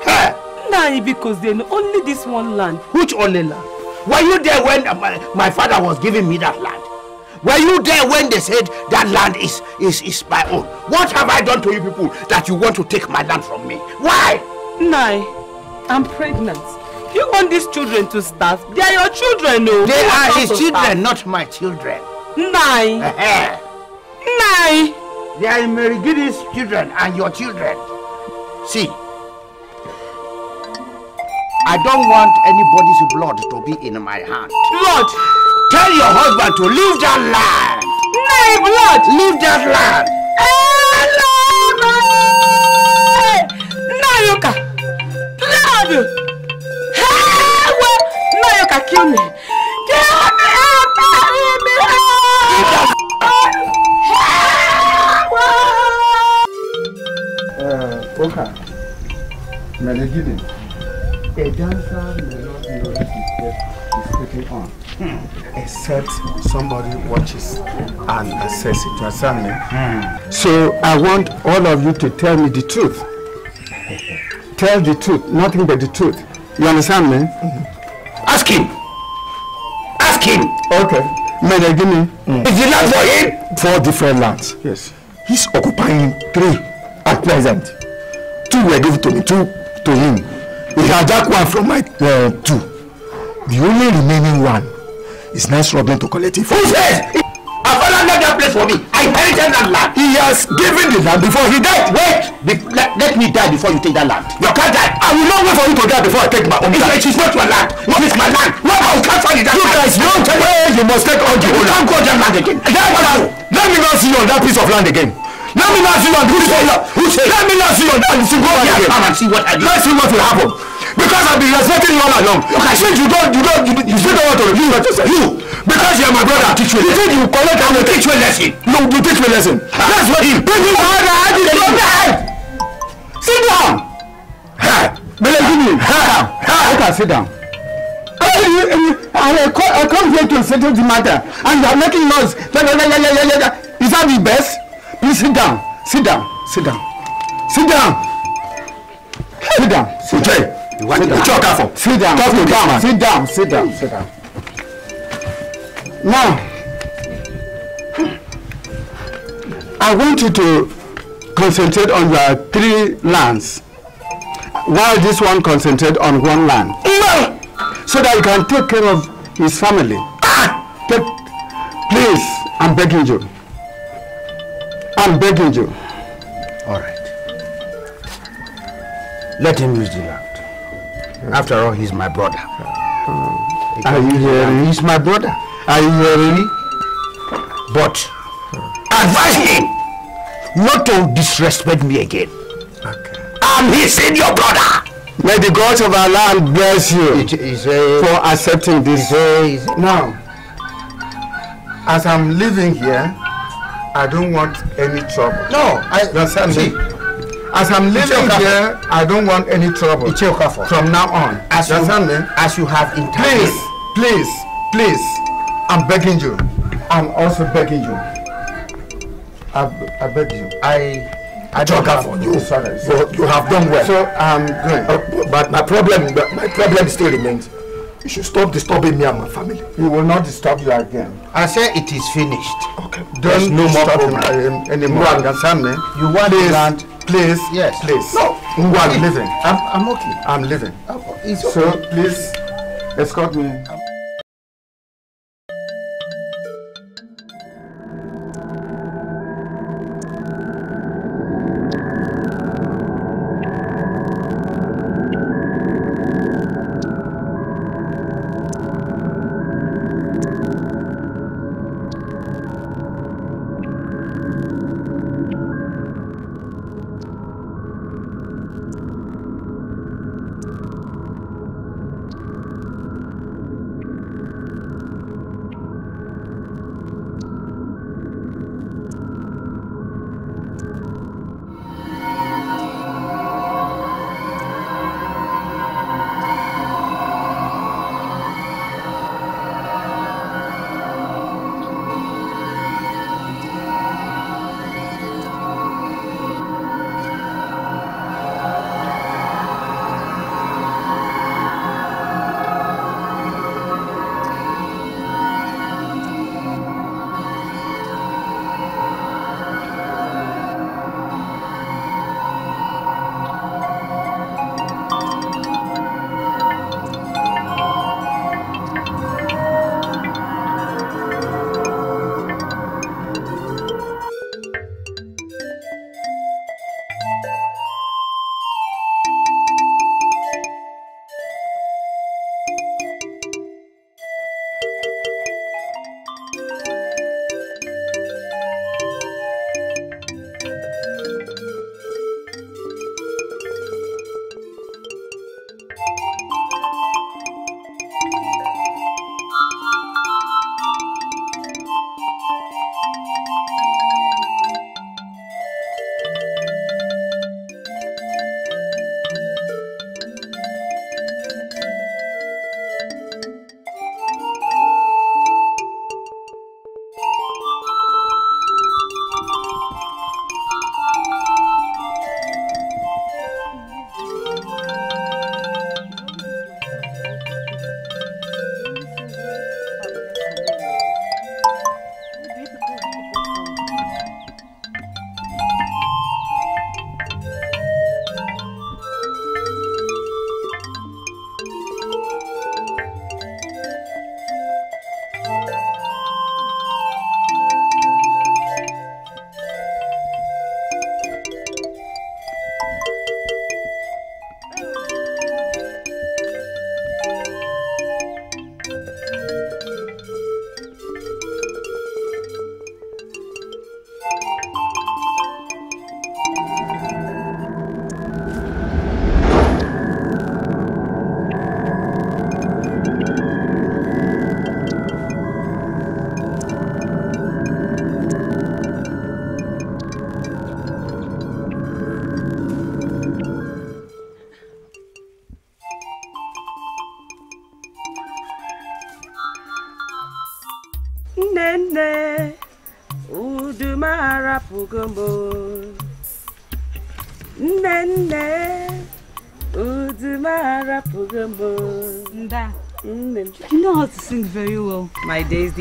Hey! Nah, because then only this one land. Which only land? Were you there when uh, my, my father was giving me that land? Were you there when they said that land is, is, is my own? What have I done to you people that you want to take my land from me? Why? Nai, I'm pregnant. You want these children to starve? They are your children, no? Oh. They are his children, not my children. Nai. Nai! They are Merigidi's children and your children. See, I don't want anybody's blood to be in my hand. Blood! Tell your husband to leave that land! Nay, blood! Leave that land! Nayoka! Blood! Nayoka, kill me! Kill Oka, Melegidin, a dancer may not know that his is putting on, hmm. except somebody watches and assesses it Hmm. So I want all of you to tell me the truth. tell the truth, nothing but the truth. You understand me? Mm -hmm. Ask him. Ask him. Okay. Medegini. Mm. Is the land for him? Four different lands. Yes. He's occupying three at present. Two were given to me, two to him. He had that one from my uh, two. The only remaining one is now struggling to collect it. Who says? Abandoned that place for me. I inherited that land. He has given the land before he died. Wait, Be let, let me die before you take that land. You can't die. I will not wait for you to die before I take my own land. It is not your land. What is my land? What I will transfer it. You guys, no way. You must take all the whole land. You can't go that land again. Let me not see you on that piece of land again. Let me not see your who say who say let me not see your and see what you come and see what I do. Let's see what will happen. Because I've been respecting you all along. Okay. Since you don't you don't you, you still don't want to reveal yourself. You because you are my brother. I'll teach you. You think you collect and will teach you a lesson. No, you teach me a lesson. That's what him. Bring him out and I did it. Sit down. Ha. Believe me. Ha. Ha. Okay, sit down. I, I come here to settle the matter and you are making noise. Is that the best? Please sit down. Sit down. Sit down. Sit down. Sit down. Sit down. What you talk for? Sit down. Talk to this man. Sit down. Sit down. Sit down. Now, I want you to concentrate on your three lands while this one concentrate on one land. So that you can take care of his family. Ah. Take, please, I'm begging you. I'm begging you. All right. Let him use the land. After all, he's my brother. Are you hearing? He's my brother. Are you hearing? But advise him not to disrespect me again. Okay. I'm his senior brother. May the gods of our land bless you it, it's, uh, for accepting this. It's, uh, it's, now, as I'm living here, I don't want any trouble. No, I. understand see, me? As I'm living here, I don't want any trouble. Ichiokafo. From now on. As you understand me? As you have intervened. Please, please, please. I'm begging you. I'm also begging you. I, I beg you. I. I don't have for you. Sorry, sorry. You, you have done well. So I'm um, going. Uh, but my problem, my problem still remains. You should stop disturbing me and my family. We will not disturb you again. I say it is finished. Okay. Don't There's no more problem him, um, anymore. Ngwan, understand me? You want please, land? Please. Yes. Please. No. Ngwan, I'm leaving. I'm, I'm okay. I'm leaving. Oh, okay. So please escort me. I'm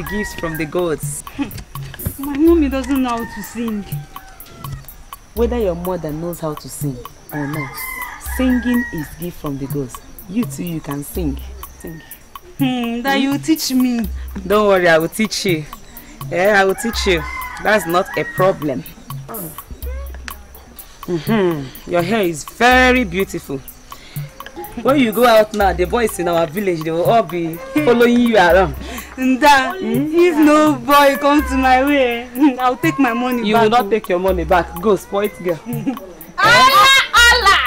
gifts from the gods. My mommy doesn't know how to sing. Whether your mother knows how to sing or not, singing is gift from the gods. You too, you can sing. Sing. Hmm, that you teach me. Don't worry, I will teach you. Yeah, I will teach you. That's not a problem. Oh. Mm-hmm. Your hair is very beautiful. When you go out now, the boys in our village, they will all be following you around. Nda, if no boy comes to my way, I'll take my money you back. You will not take your money back. Go, spoil it, girl. Allah, eh? Allah!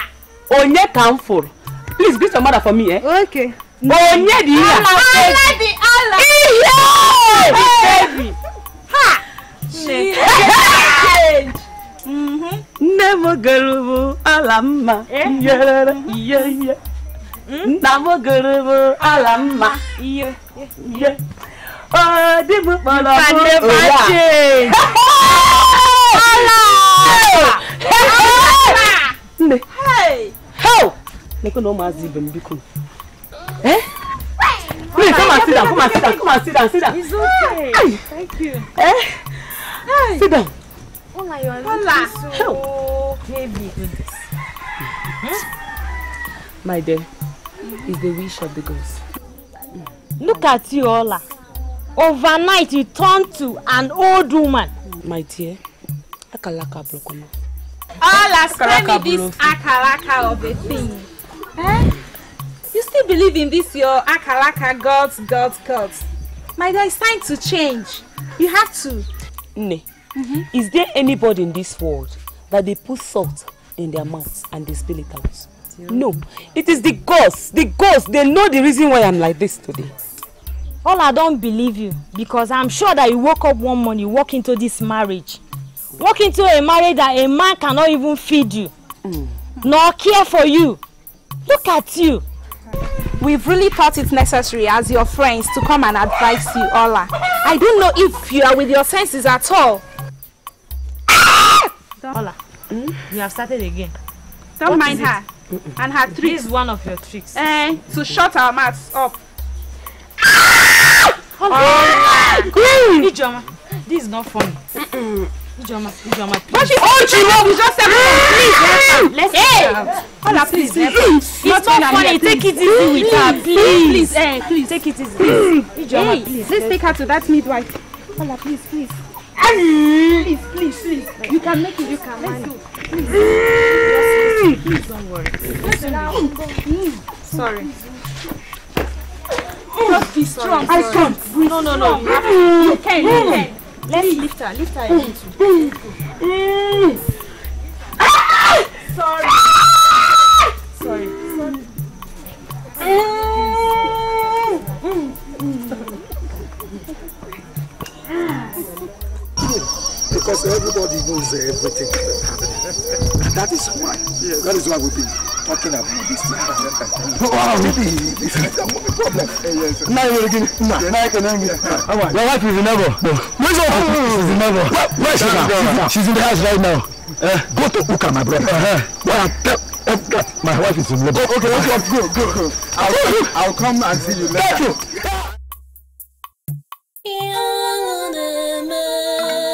Onye kamfur. Please greet your mother for me, eh? Okay. Onye di here. Allah, eh? di Allah. Iye! Eh! Baby. Ha! Change. Nne m gụrụ bụ ala Yeah yeah. iye, iye. Nna m Yeah. yeah. Oh, the book, my love. You can never change. Nne. How? Neko no mazi bembiko. Eh? Please come and sit down. Come and sit down. Come and sit down. Sit down. It's okay. Ay. Thank you. Eh? Ay. Sit down. Oh my, you are looking so heavy. Hmm? My dear, mm -hmm. is the wish of the ghost. Look at you, Ola. Overnight, you turned to an old woman. My dear, akalaka blokoma. Ola, spare me this akalaka of a thing. Eh? You still believe in this, your akalaka gods, gods, gods. My dear, it's time to change. You have to. Ne, mm -hmm. is there anybody in this world that they put salt in their mouths and they spill it out? No, it is the gods. The gods, they know the reason why I'm like this today all i don believe you because i'm sure that you woke up one morning walk into this marriage walk into a marriage that a man cannot even feed you mm. nor care for you look at you. We've really thought it necessary as your friends to come and advise you, Ola. I don't know if you are with your senses at all. Ah! Ola, mm? you have started again. Don't what mind her and her tricks. This is one of your tricks. Eh, to shut our mouths up. Ijoma, this is not funny. Ijoma, Ijoma, please. But she owed you wrong. You just said, please, let's hey. out. please, please, It's not funny. Take it easy with her, please. Please, eh, please. Take it easy. Mm. Ijoma, hey. please. Let's take her to that midwife. Ola, please, please. Mm. Please, please, please. You can make it. You can manage. Mm. Please. Please, don't worry. Sorry. Just be strong. I can't. No, no, no. Mm. Mm. You can. You can. Let me lift her. Lift her a mm. Sorry. Sorry. Sorry because everybody knows everything that is why. Yes. That is why we've been talking about this thing. Wow, maybe. this is a problem. Yes. Now you're again. Now I can hang it. Your wife is in labor. No. Where's your wife? She's in Nebo. Where is she now? She's in the house right now. Uh, go to Uka, my brother. Uh-huh. Well, tell, uh, my wife is in labor. Oh, okay, let's go, go, go. I'll, I'll come and see you later. Thank you. Yeah.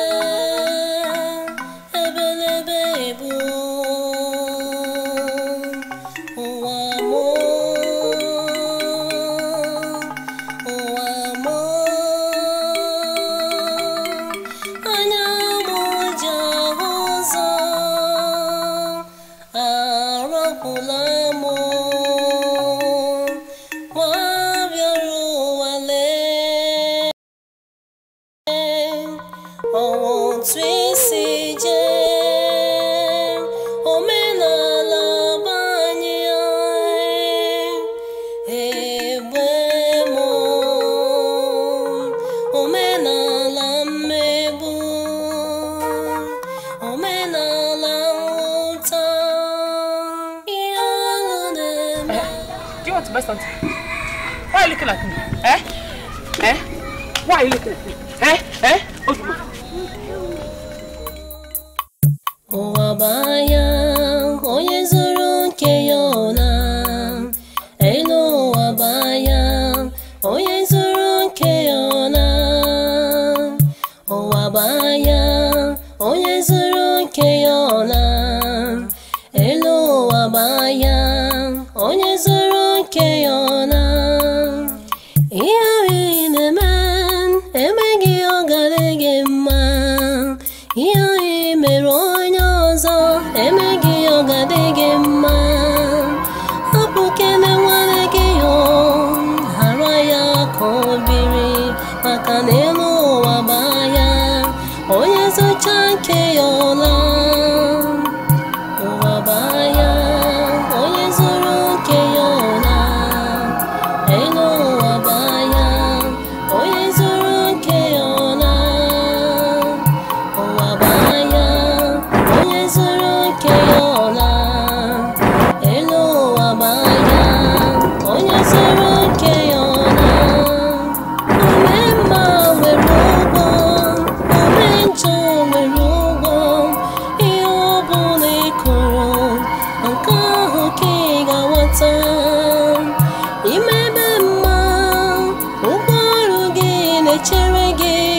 chewege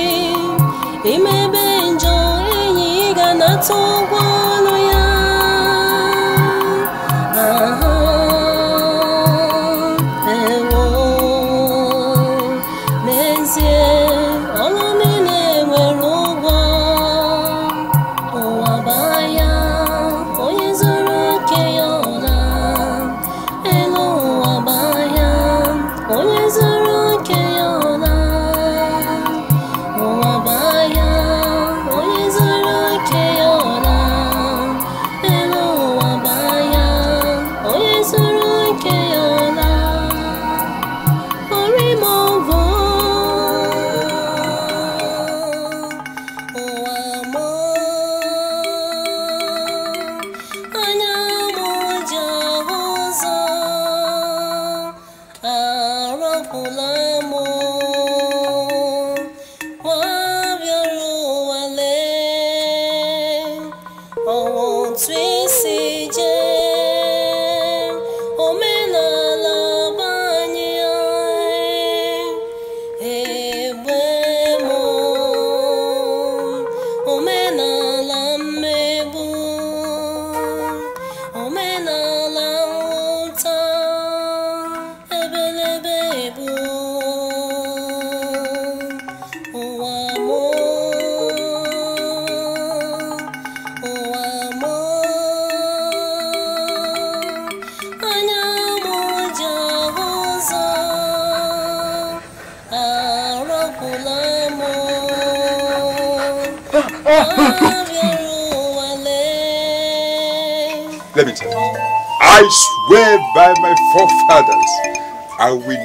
imebe njo enyi ga na too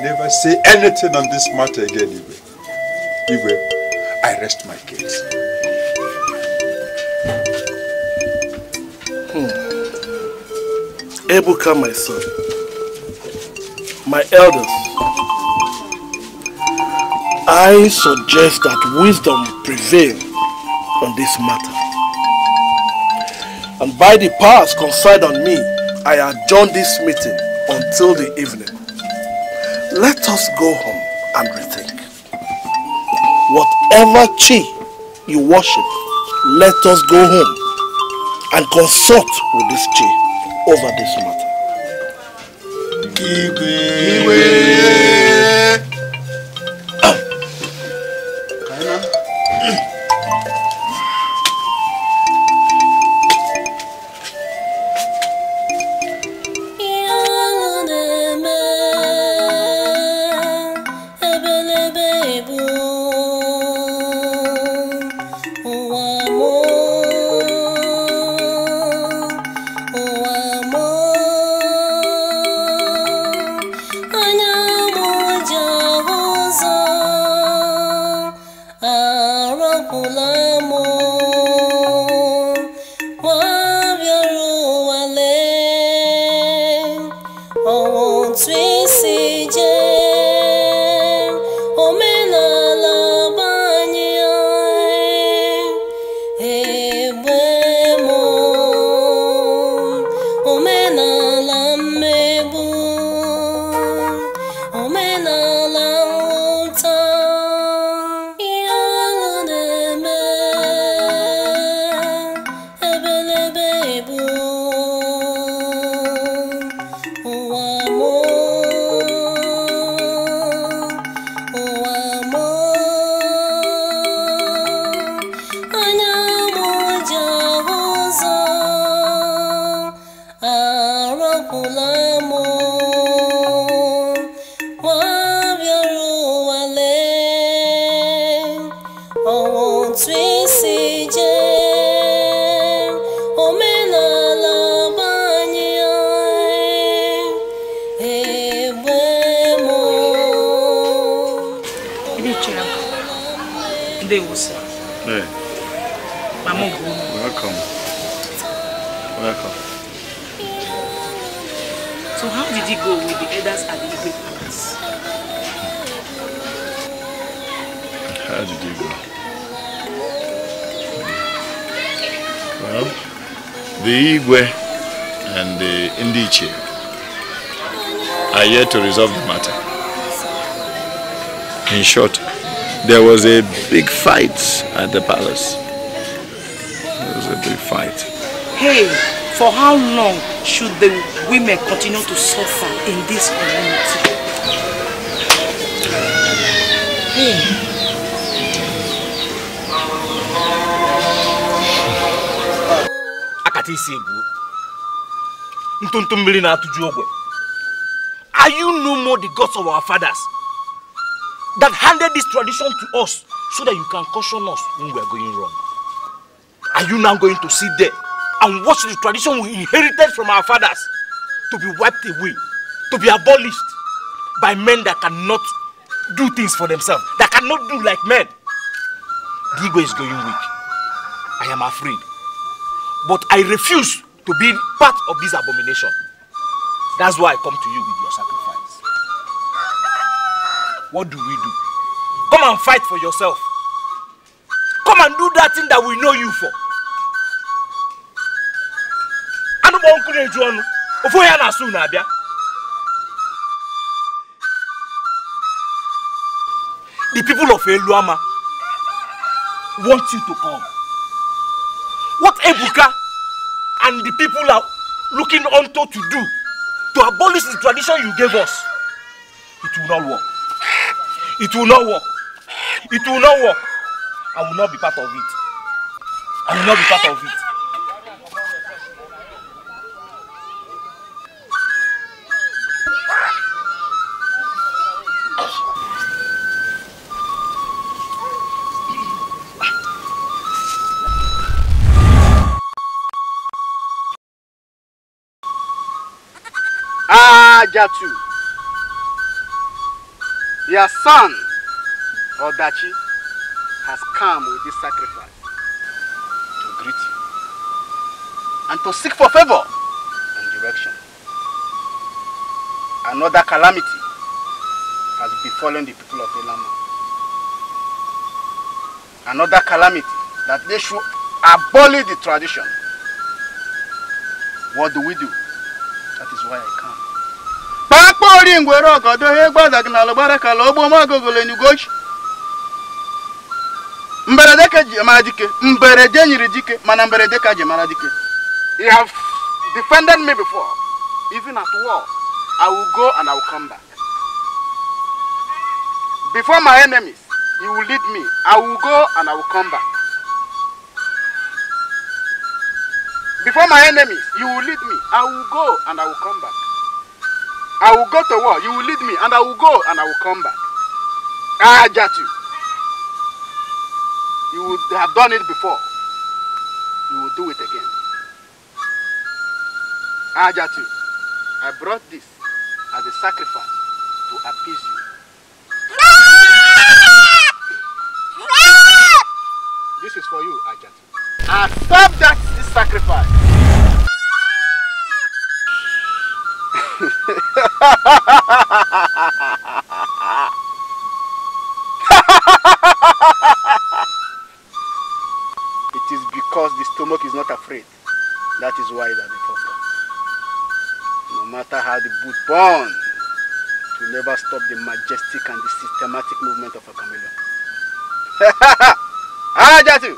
never say anything on this matter again, Igwe. Igwe, I rest my case. Hmm. Ebuka, my son, my elders, I suggest that wisdom prevail on this matter. And by the powers conferred on me, I adjourn this meeting until the evening. just go home and rethink. Whatever chi you worship, let us go home and consult with this chi over this matter. Igwe. Igwe. there was a big fight at the palace. There was a big fight. Hey, for how long should the women continue to suffer in this community? Hey. Are you no more the gods of our fathers? that handed this tradition to us so that you can caution us when we are going wrong. Are you now going to sit there and watch the tradition we inherited from our fathers to be wiped away, to be abolished by men that cannot do things for themselves, that cannot do like men? Digo is going weak. I am afraid. But I refuse to be part of this abomination. That's why I come to you with your sacrifice what do we do? Come and fight for yourself. Come and do that thing that we know you for. Anụbọ nkụ na-eju ọnụ, ofu ya na-asụ na-abịa. The people of Eluama want you to come. What Ebuka and the people are looking onto to do to abolish the tradition you gave us, it will not work. It will not work. It will not work. I will not be part of it. I will not be part of it. Ajatu. Ah, Their son, Odachi, has come with this sacrifice to greet you and to seek for favor and direction. Another calamity has befallen the people of Elama. Another calamity that they should abolish the tradition. What do we do? That is why I come. akpa ori ngwere ọgọdọ ihe gbaza gị n'ala gbara kala ogbo magogolo enugochi mberede ka ji mara dike mberede nyiri dike mana mberede ka ji mara dike you have defended me before even at war i will go and i will come back before my enemies you will lead me i will go and i will come back before my enemies you will lead me i will go and i will come back I will go to war. You will lead me, and I will go, and I will come back. I adjure you. You would have done it before. You will do it again. I adjure you. I brought this as a sacrifice to appease you. This is for you, Ajatu. Accept that this sacrifice. it is because the stomach is not afraid. That is why that has been No matter how the boot burns, it will never stop the majestic and the systematic movement of a chameleon. Ha ha ha! ah, Jatu!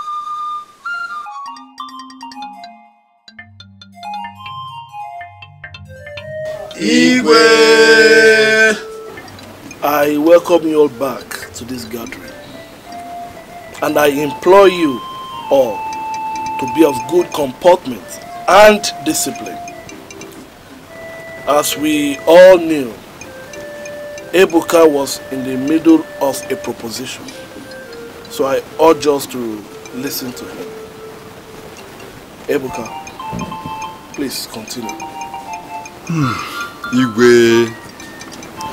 I welcome you all back to this gathering. And I implore you all to be of good comportment and discipline. As we all knew, Ebuka was in the middle of a proposition. So I urge us to listen to him. Ebuka, please continue. Hmm. Igwe,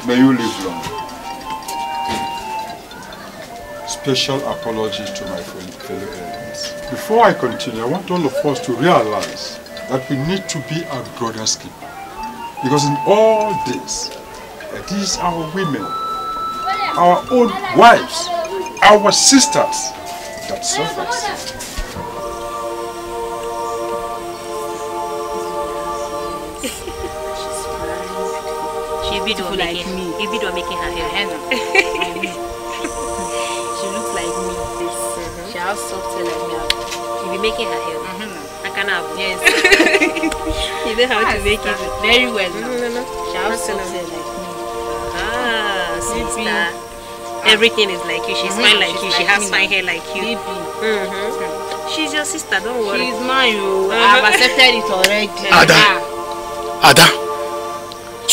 may you live long. Special apology to my friend aliens. Before I continue, I want all of us to realize that we need to be our brother's keeper. Because in all this, these are women, our own wives, our sisters that suffer. a video people making, like me. A video making her hair. hair she look like me. This. Mm -hmm. She has soft hair like me. She be making her hair. Mm -hmm. I can have. Yes. you know how to make it very well. No, no, no. She has soft hair like me. Ah, ah sister. Ah. Everything is like you. She's mm -hmm. fine like She's you. Like she has me. fine hair like you. Mm -hmm. She's your sister. Don't worry. She's mine. Oh. Uh mm-hmm. -huh. I've accepted it already. Ada. Ada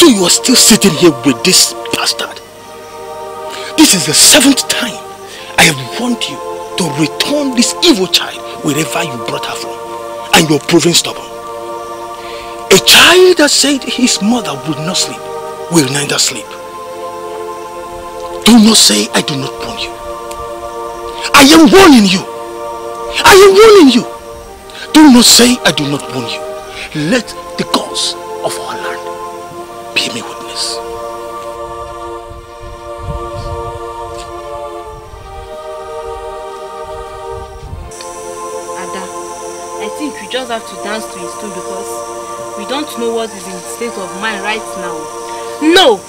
and you are still sitting here with this bastard. This is the seventh time I have warned you to return this evil child wherever you brought her from. And you're proving stubborn. A child that said his mother would not sleep will neither sleep. Do not say I do not warn you. I am warning you. I am warning you. Do not say I do not warn you. Let the gods me witness. Ada, I think we just have to dance to his tune because we don't know what is in his state of mind right now. No!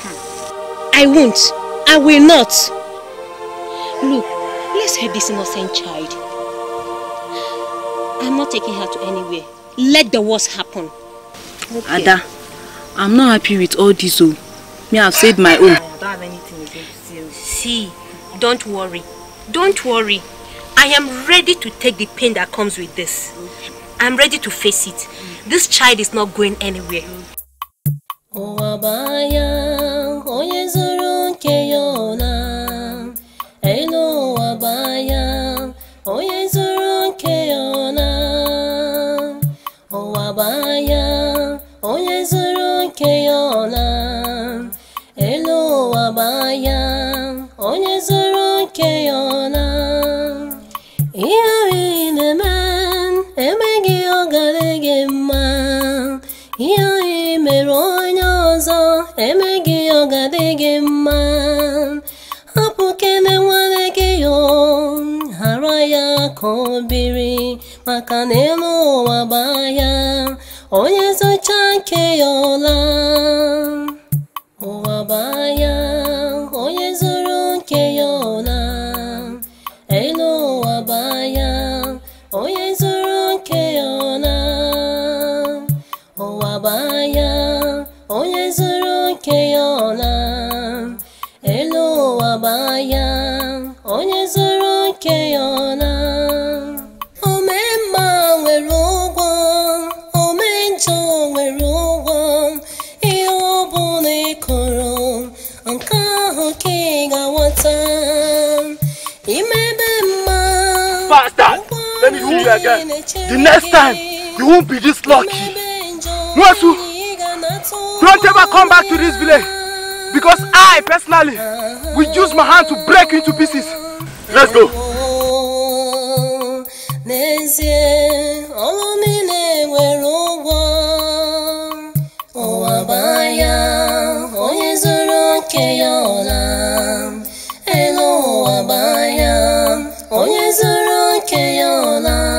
I won't. I will not. Look, let's help this innocent child. I'm not taking her to anywhere. Let the worst happen. Okay. Ada. I'm not happy with all this oh. Me I've said my own. don't have anything against you. See, don't worry. Don't worry. I am ready to take the pain that comes with this. I'm ready to face it. This child is not going anywhere. Oh, abaya. akọbiri maka na elu ụwa gbaa ya onye zụcha nke ya elo wabaya gbaa ya onye zụrụ nke ya ọla elo wabaya. bastard! Let me see you again. The next time, you won't be this lucky. Nwasu, don't ever come back to this village. Because I, personally, will use my hand to break you into pieces. Let's go. 天又呢。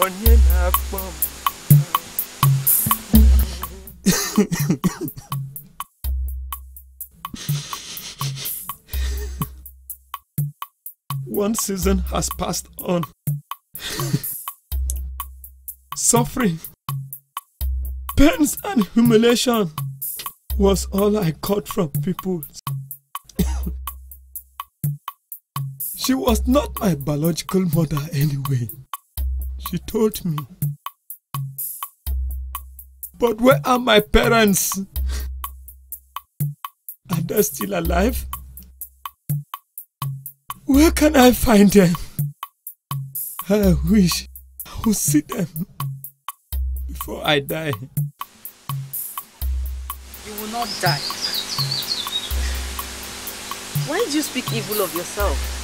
One season has passed on. Suffering, pains, and humiliation was all I got from people. she was not my biological mother anyway. She told me. But where are my parents? Are they still alive? Where can I find them? I wish I would see them before I die. You will not die. Why do you speak evil of yourself?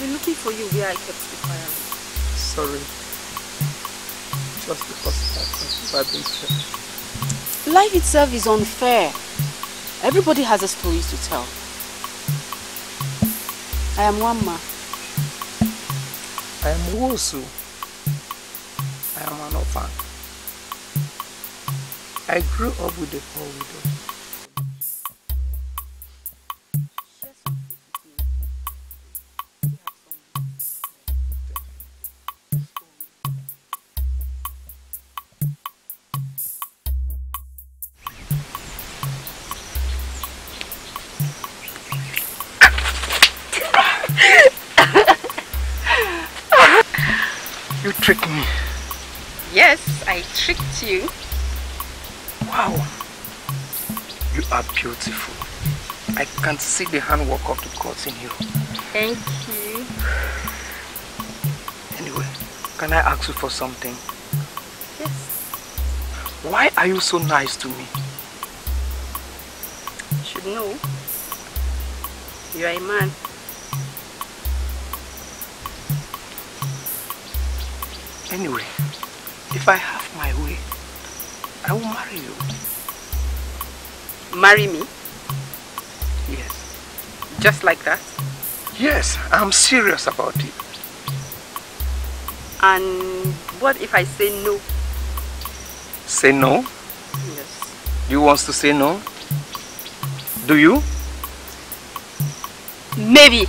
I've been looking for you where I kept the quiet. Sorry. Just because I've been fair. Life itself is unfair. Everybody has a story to tell. I am Wamma. I am Wosu. I am an orphan. I grew up with a poor widow. you. Wow. You are beautiful. I can see the handwork of the gods in you. Thank you. Anyway, can I ask you for something? Yes. Why are you so nice to me? You should know. You are a man. Anyway, if I have marry you. Marry me? Yes. Just like that? Yes, I'm serious about it. And what if I say no? Say no? Yes. You want to say no? Do you? Maybe.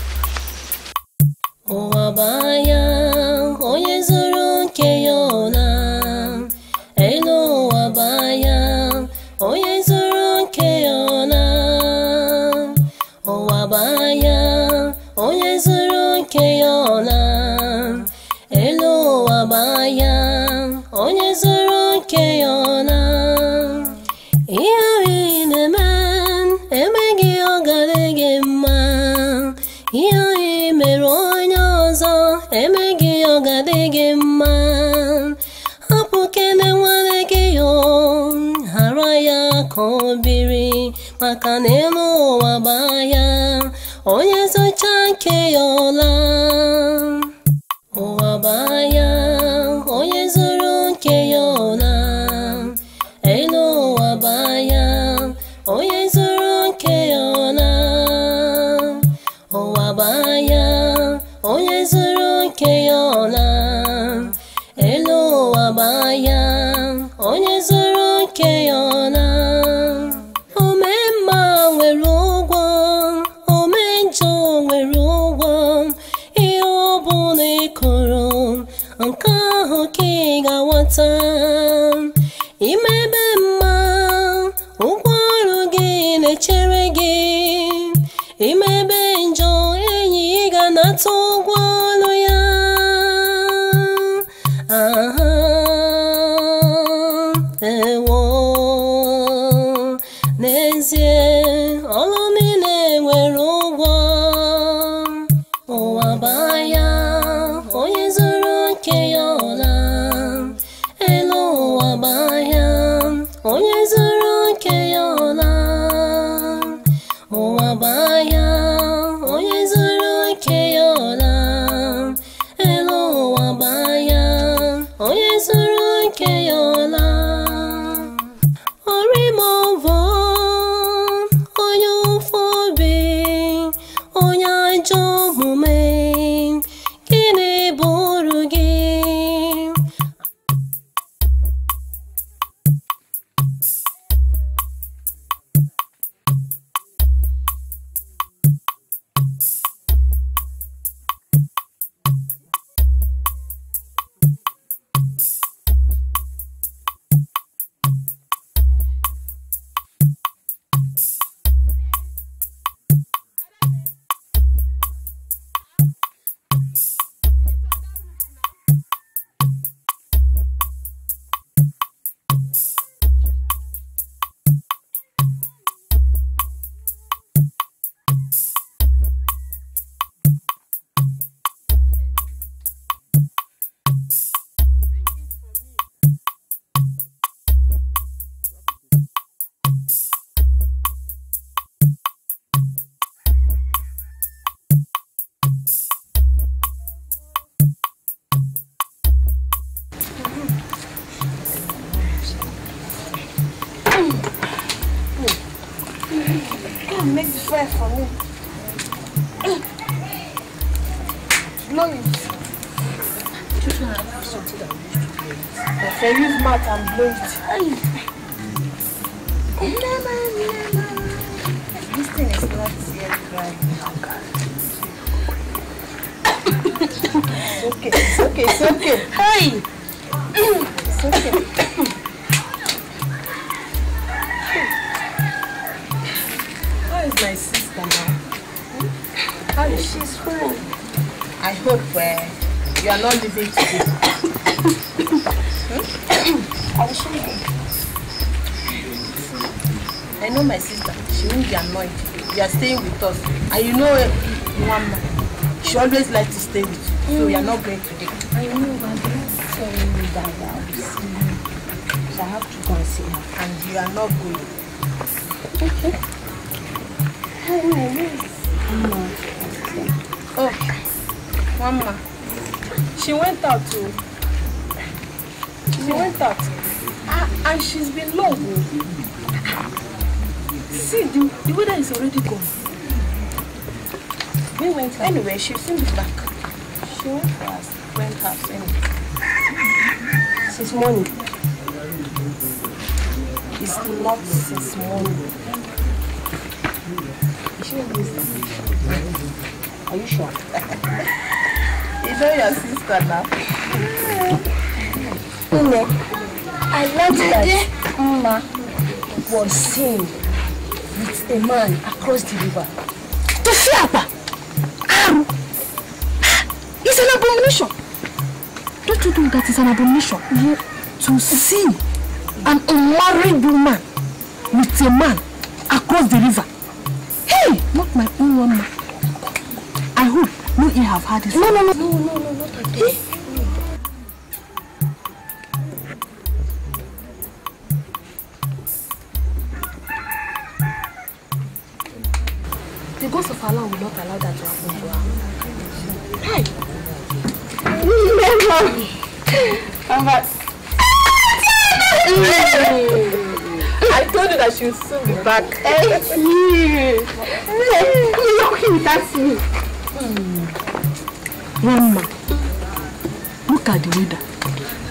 know my sister she won't be annoyed you are staying with us and you know mama she always likes to stay with you so we are not going today. I know but don't tell me that I will see you so I have to go and see her. and you are not going. Okay. Oh, Mama. She went out too. Oh. She went out. Ah, and she's been long. Mm -hmm. See, the, the weather is already gone. We went her. Anyway, she seems back. She went first, went half anyway. Since morning. It's not since morning. She Are you sure? you know your sister now. Une, I learned that Mama was seen a man across the river to Fiapa. Aru. It's an abomination. Don't you think that is an abomination? Yeah. To see an unmarried woman with a man across the river. Hey, not my own woman. I hope no you have heard this. No, no, no, no, no, no, not at all. Eh? back. Hey, see. Hey, that's me. Mama, look at the weather.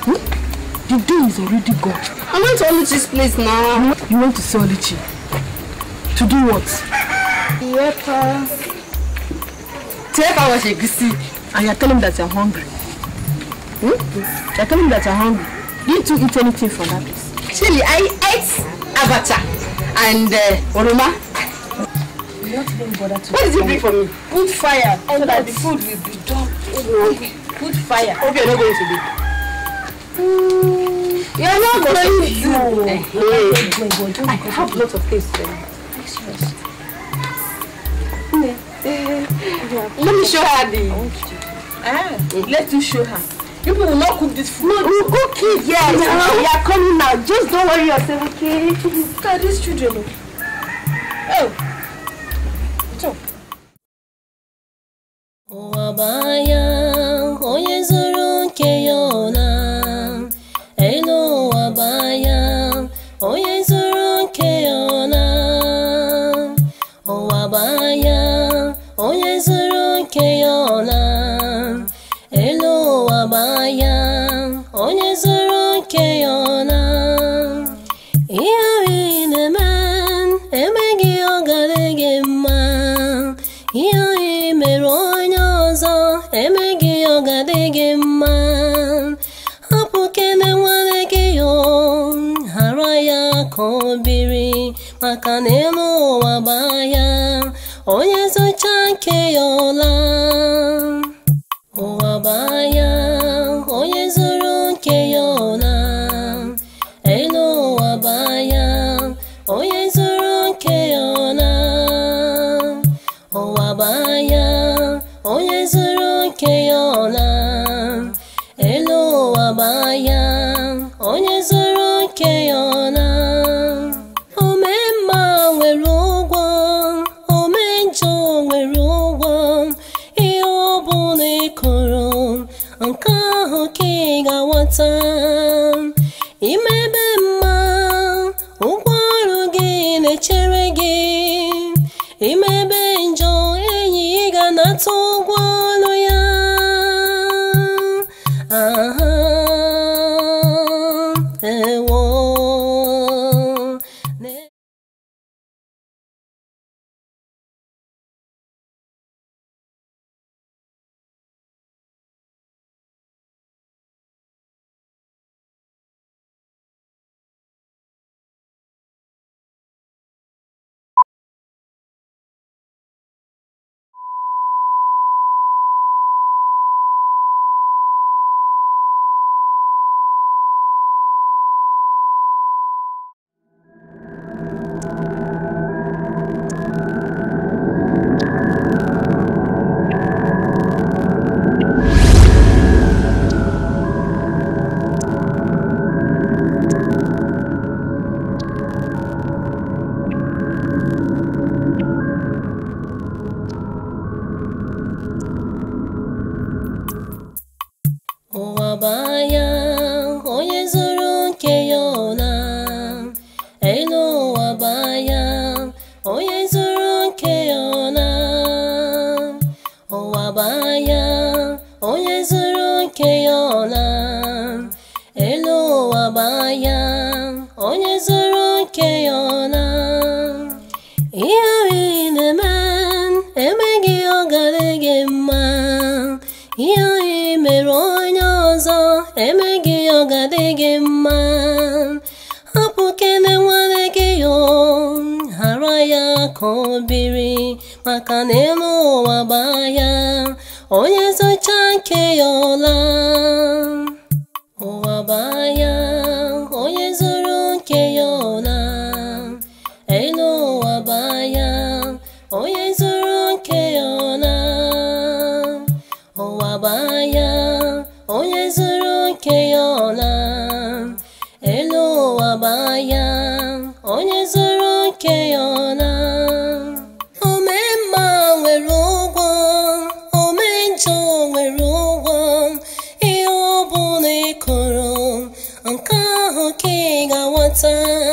Hmm? The day is already gone. I want to Oluchi's place now. You want to see Oluchi? To do what? Yep. Uh, Take our shagisi. And you're telling him that you're hungry. Hmm? You're telling him that you're hungry. You don't eat anything from that place? Chili, I ate abacha and uh, Oroma. What did it bring for me? Put fire and so that the food will be done. Oh. Put fire. Okay, you're not going to be. Mm, you're not going to. You. Uh, eh, yeah. Eh, eh, I have lots of things. Serious. Let me show her the. Ah, let you show her. You people will not cook this food. We will cook it, yes. No. We are coming now. Just don't worry yourself, okay? look God, these children. Oh. oh. maka na elu ụwa gbaa onye zụcha nke ya ọla ụwa onye zụrụ nke ya ọla elu ụwa gbaa onye zụrụ nke ya ọla ụwa onye zụrụ nke ya ọla elu ụwa onye zụrụ nke ya ọla nigga one time. He made obiri maka na wabaya ụwa gbaa wabaya. time.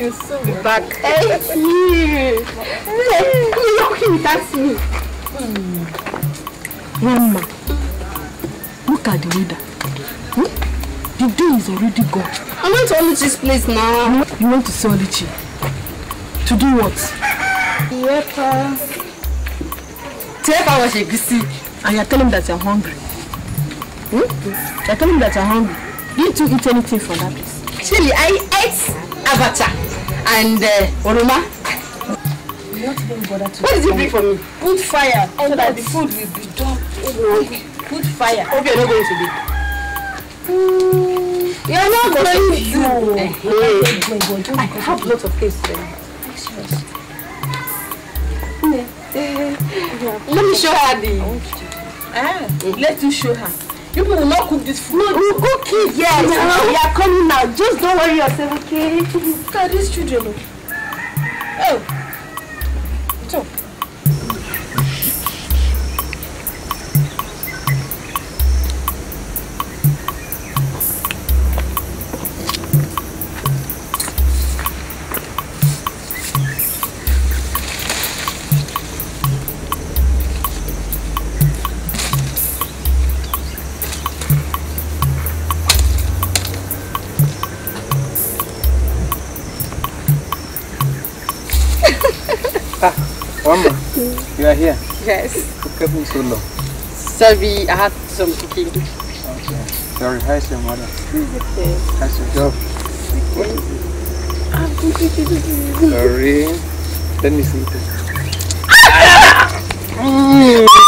Yes, you soon be back. Thank you. You're looking at me. Mama, look at the weather. Hmm? The day is already gone. I want to only this place now. You want to see Oluchi? To do what? Yep. Uh... Tell I And you're telling him that you're hungry. Hmm? You're telling him that you're hungry. You don't eat anything from that place? Chili, I ate avatar and uh, Oroma. What did you bring for me? Put fire so that the food will be done. Put fire. Hope you're not going to be. Mm, you're not going to. You. Uh, I have lots of cases. Serious. Let me show her the. Ah, let you show her. You people will not cook this food. We will cook it, yes. No. We are coming now. Just don't worry yourself, okay? God, these children. Oh. are here? Yes. Who kept so long? Sorry, I had some cooking. Okay. Sorry, how's your mother? Okay. How's your job? Okay. Sorry. Let me see. Ah! Ah! Mm.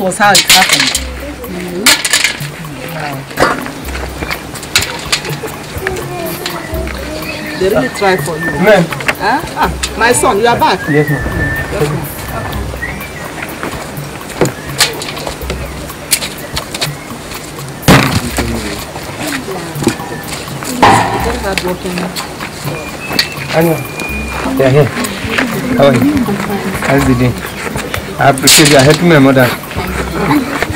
was how it happened. Mm -hmm. They really try for you. Ma'am. Huh? Ah, my son, you are back. Yes, ma'am. Yes, ma hardworking. Anya, yeah, here. How are you? How's the day? I appreciate you helping my mother.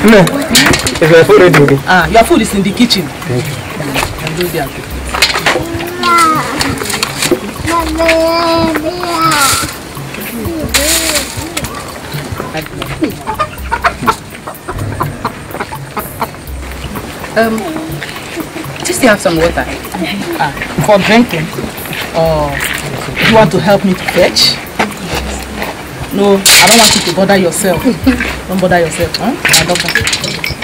Is food ready? Ah, your food is in the kitchen. Thank you. do um, just have some water ah, for drinking. Or oh, you want to help me to fetch? No, I don't want you to bother yourself. don't bother yourself, huh? My doctor.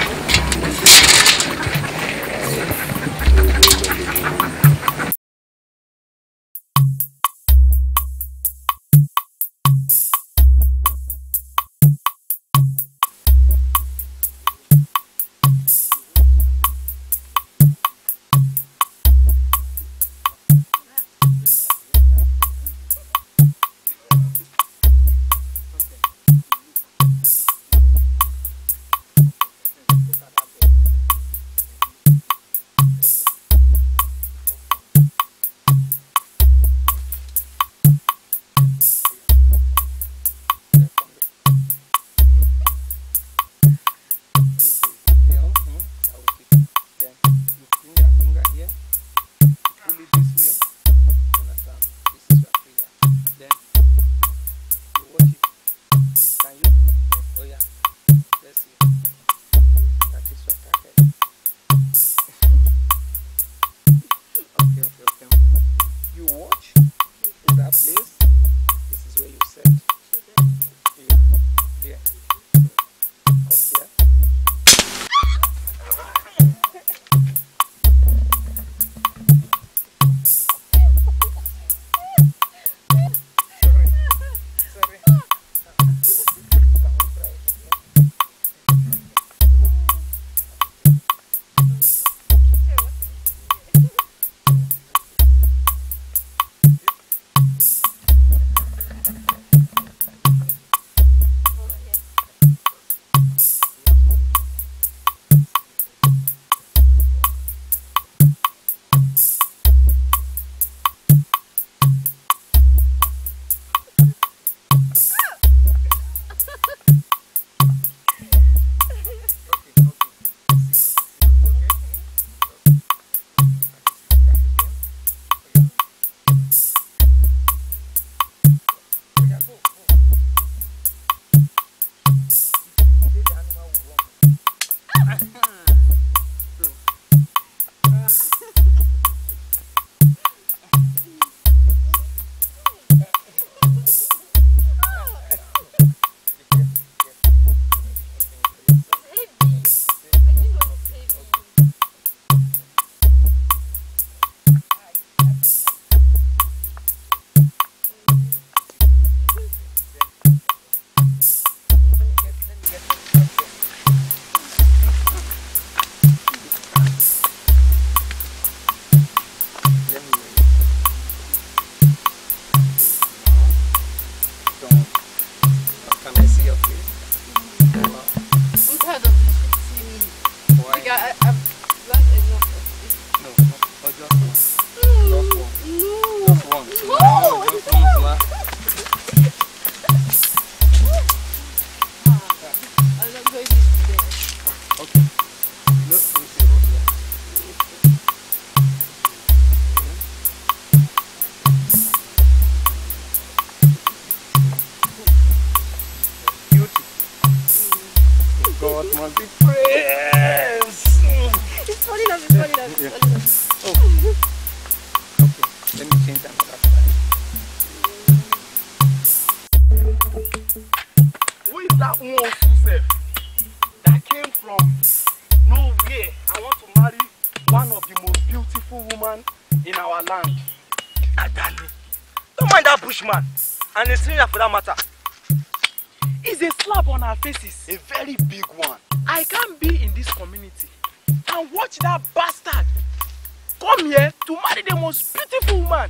woman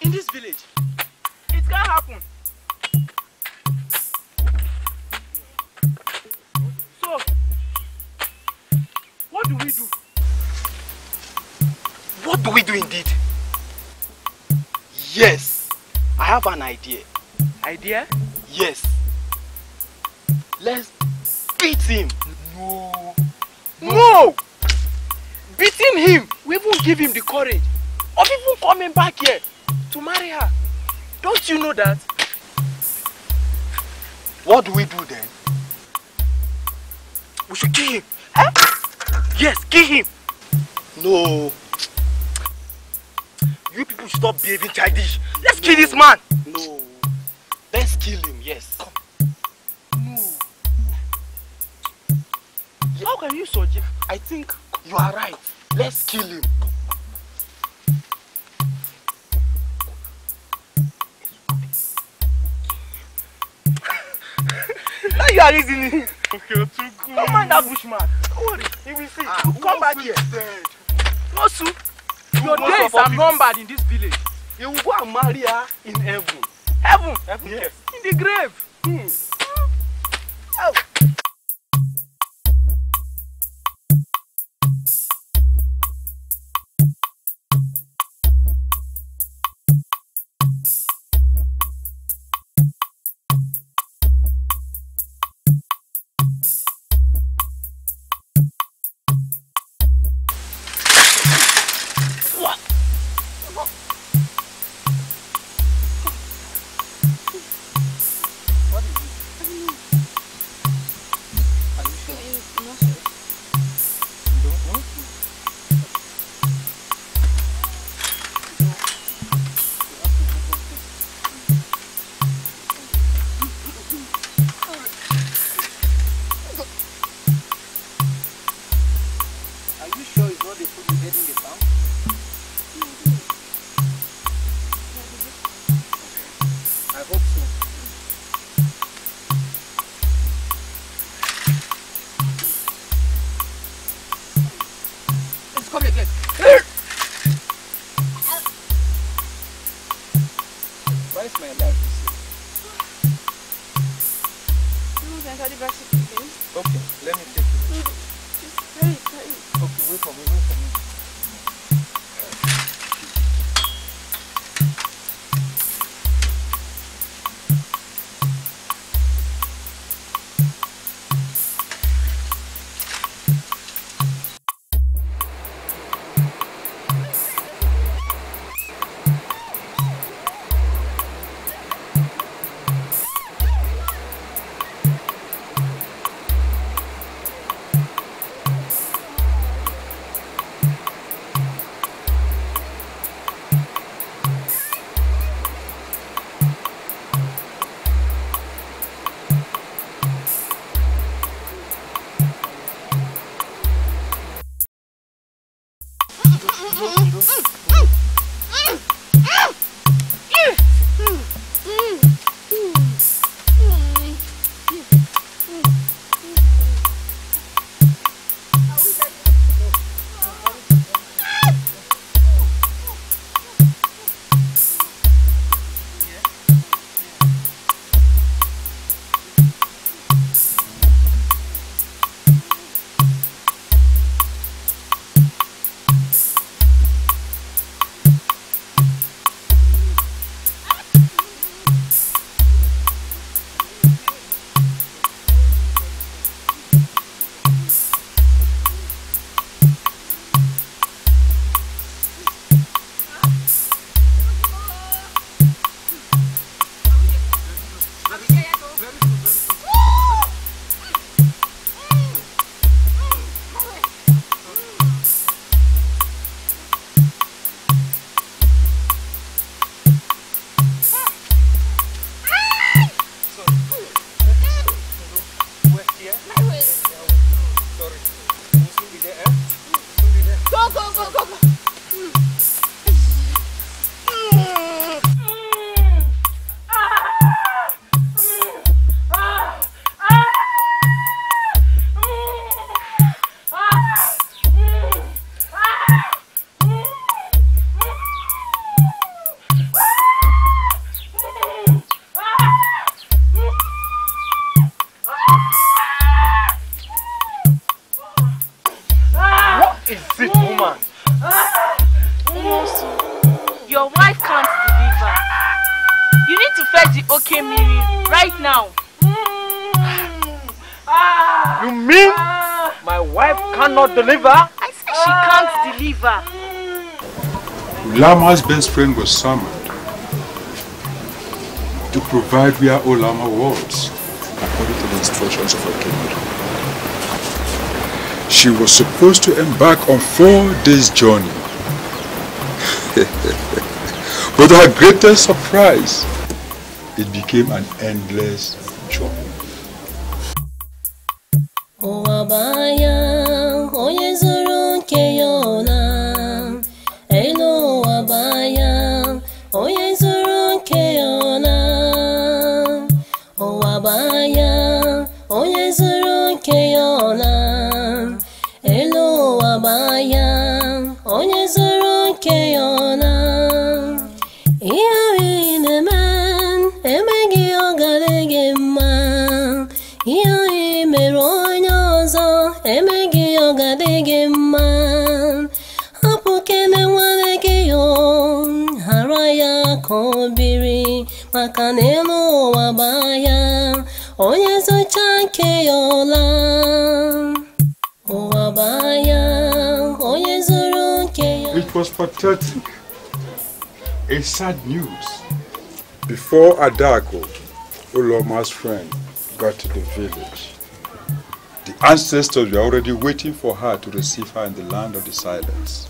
in this village. It can't happen. So, what do we do? What do we do indeed? Yes, I have an idea. Idea? Yes. Let's beat him. No. No! Beating him, we won't give him the courage of even coming back here to marry her. Don't you know that? What do we do then? We should kill him. Huh? Yes, kill him. No. You people stop behaving childish. Let's no. kill this man. No. Let's kill him, yes. Come. No. How can you suggest? I think you are right. Let's kill him. where you are reasoning. okay otuku no mind that bushman no worry he will see ah, you come back here no su your days are numbered in this village. you will go and marry her in heaven. heaven heaven yes in the grave. Hmm. Hmm. Oh. Lama's best friend was summoned to provide where Olama was, according to the instructions of her king. She was supposed to embark on four days' journey. but to her greatest surprise, it became an endless journey. was pathetic. A sad news. Before Adako, Uloma's friend, got to the village, the ancestors were already waiting for her to receive her in the land of the silence.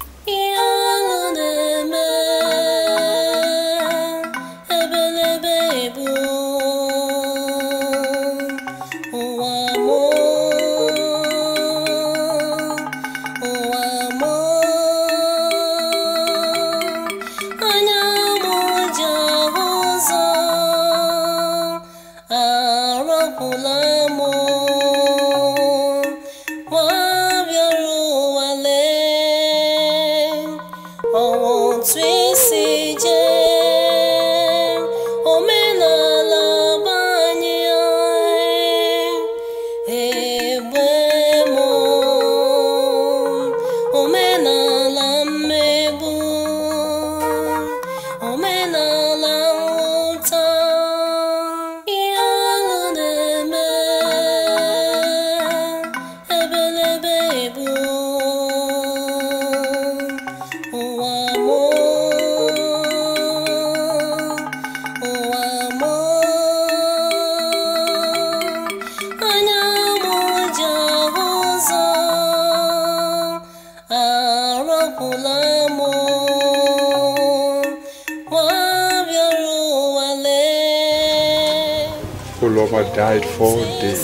died four days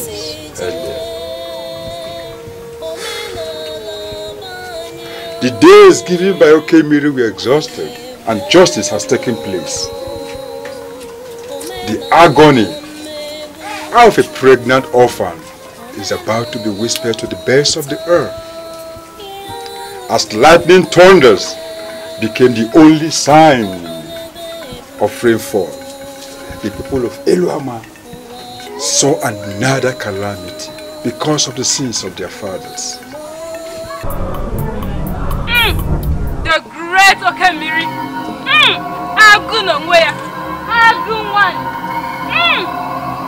earlier. The days given by Okemiri were exhausted and justice has taken place. The agony of a pregnant orphan is about to be whispered to the base of the earth. As lightning thunders became the only sign of rainfall, the people of Eluama saw another calamity because of the sins of their fathers. Mm, the great Okemiri. Mm, Agunongweya. Agunwan. Mm,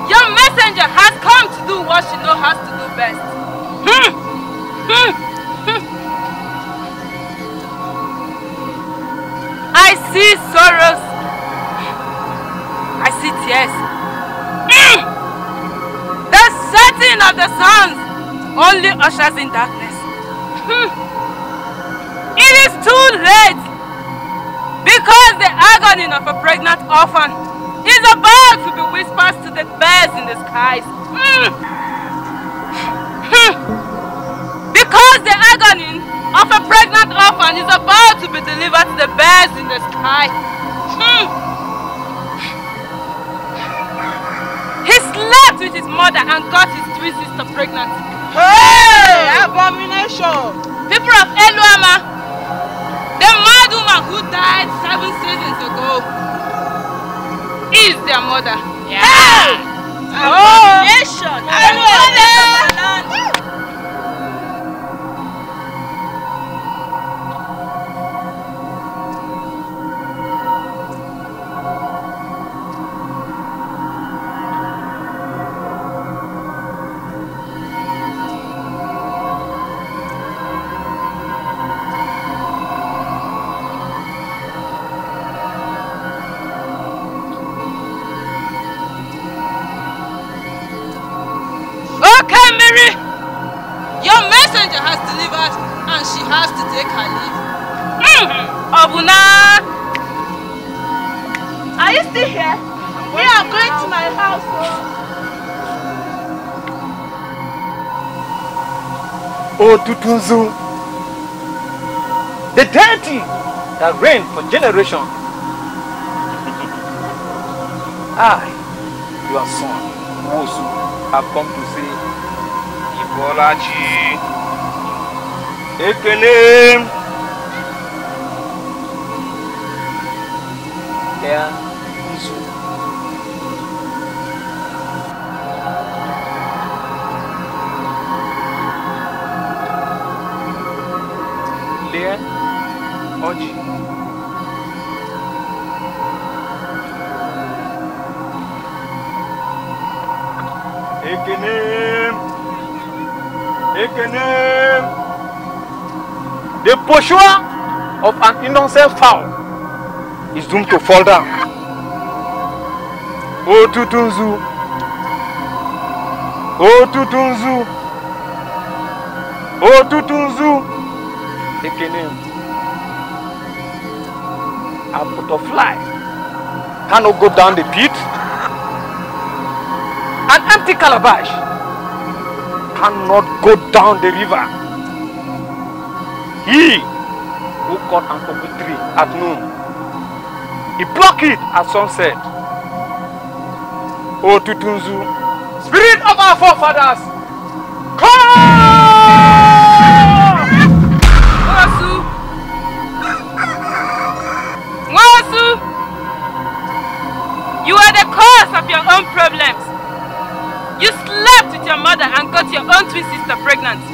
your messenger has come to do what she knows has to do best. Mm, mm, mm. I see sorrows. I see tears. Mm. setting of the sun only ushers in darkness. Hmm. it is too late because the agony of a pregnant orphan is about to be whispered to the birds in the skies. Hmm. Hmm. because the agony of a pregnant orphan is about to be delivered to the birds in the sky. He slept with his mother and got his three sisters pregnant. Hey! Abomination! People of Eluama, the mad woman who died seven seasons ago is their mother. Yeah. Hey! Abomination! Oh. Abomination! Kunzu, the deity that reigned for generations. I, ah, your son, Wosu, have come to say, Ibolaji, Ekele. Yeah. posture of an innocent fowl is doomed to fall down. Oh Tutunzu! Oh Tutunzu! Oh Tutunzu! Again, a butterfly cannot go down the pit. An empty calabash cannot go down the river. He who cut an open tree at noon, he blocked it at sunset. O Tutunzu, spirit of our forefathers, come! Wasu! Wasu! You are the cause of your own problems. You slept with your mother and got your own twin sister pregnant.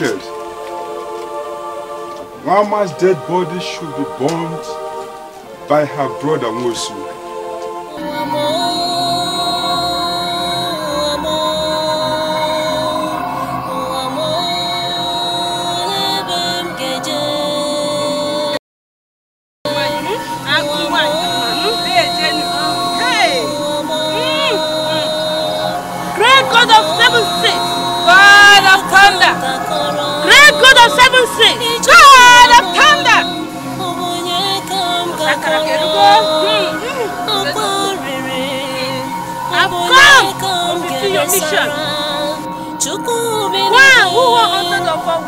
rejected. dead body should be burned by her brother Mosul. permission. Wow, who won hundred of four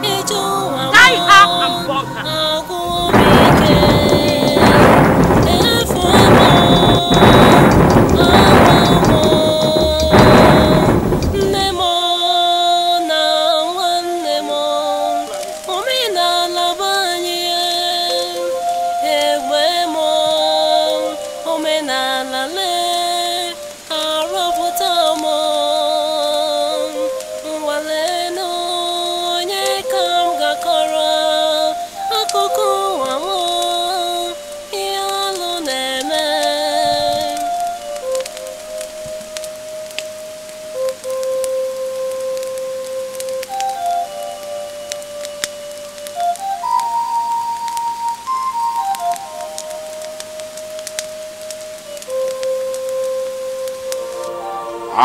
with Kai Ab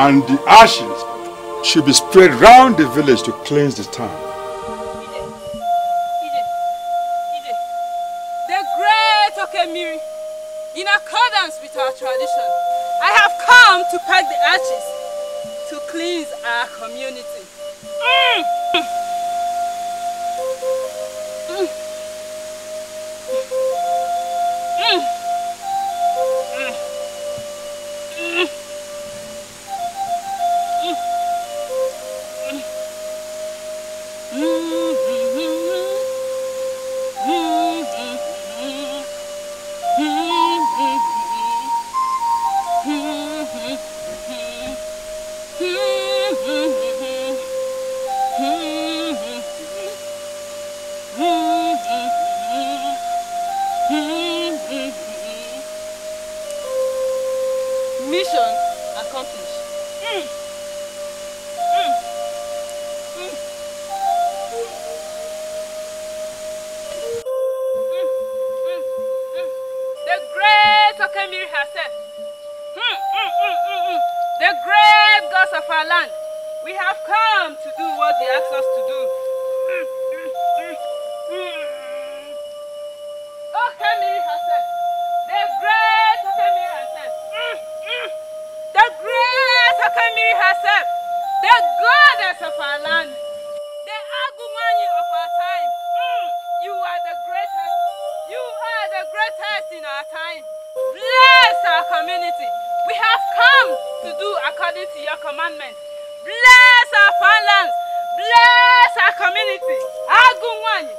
and the ashes should be spread round the village to cleanse the town. our land. We have come to do what they asked us to do. Oh, Kemi Hassan, the great Kemi Hassan, the great Kemi Hassan, the goddess of our land, the Agumani of our time. You are the greatest. You are the greatest in our time. Bless our community. We have come to do according to your commandment. Bless our farmlands. Bless our community. Agunwanyi.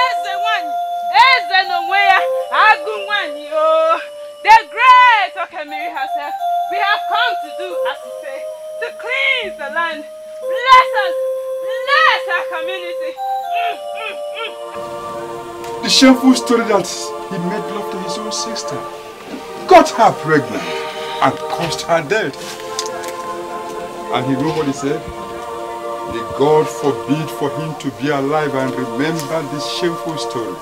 Eze wanyi. Eze nongweya. Agunwanyi. Oh, the great Okemiri herself. We have come to do as you say. To cleanse the land. Bless us. Bless our community. The shameful story that he made love to his own sister. got her pregnant and caused her death. And he knew what he said. May God forbid for him to be alive and remember this shameful story.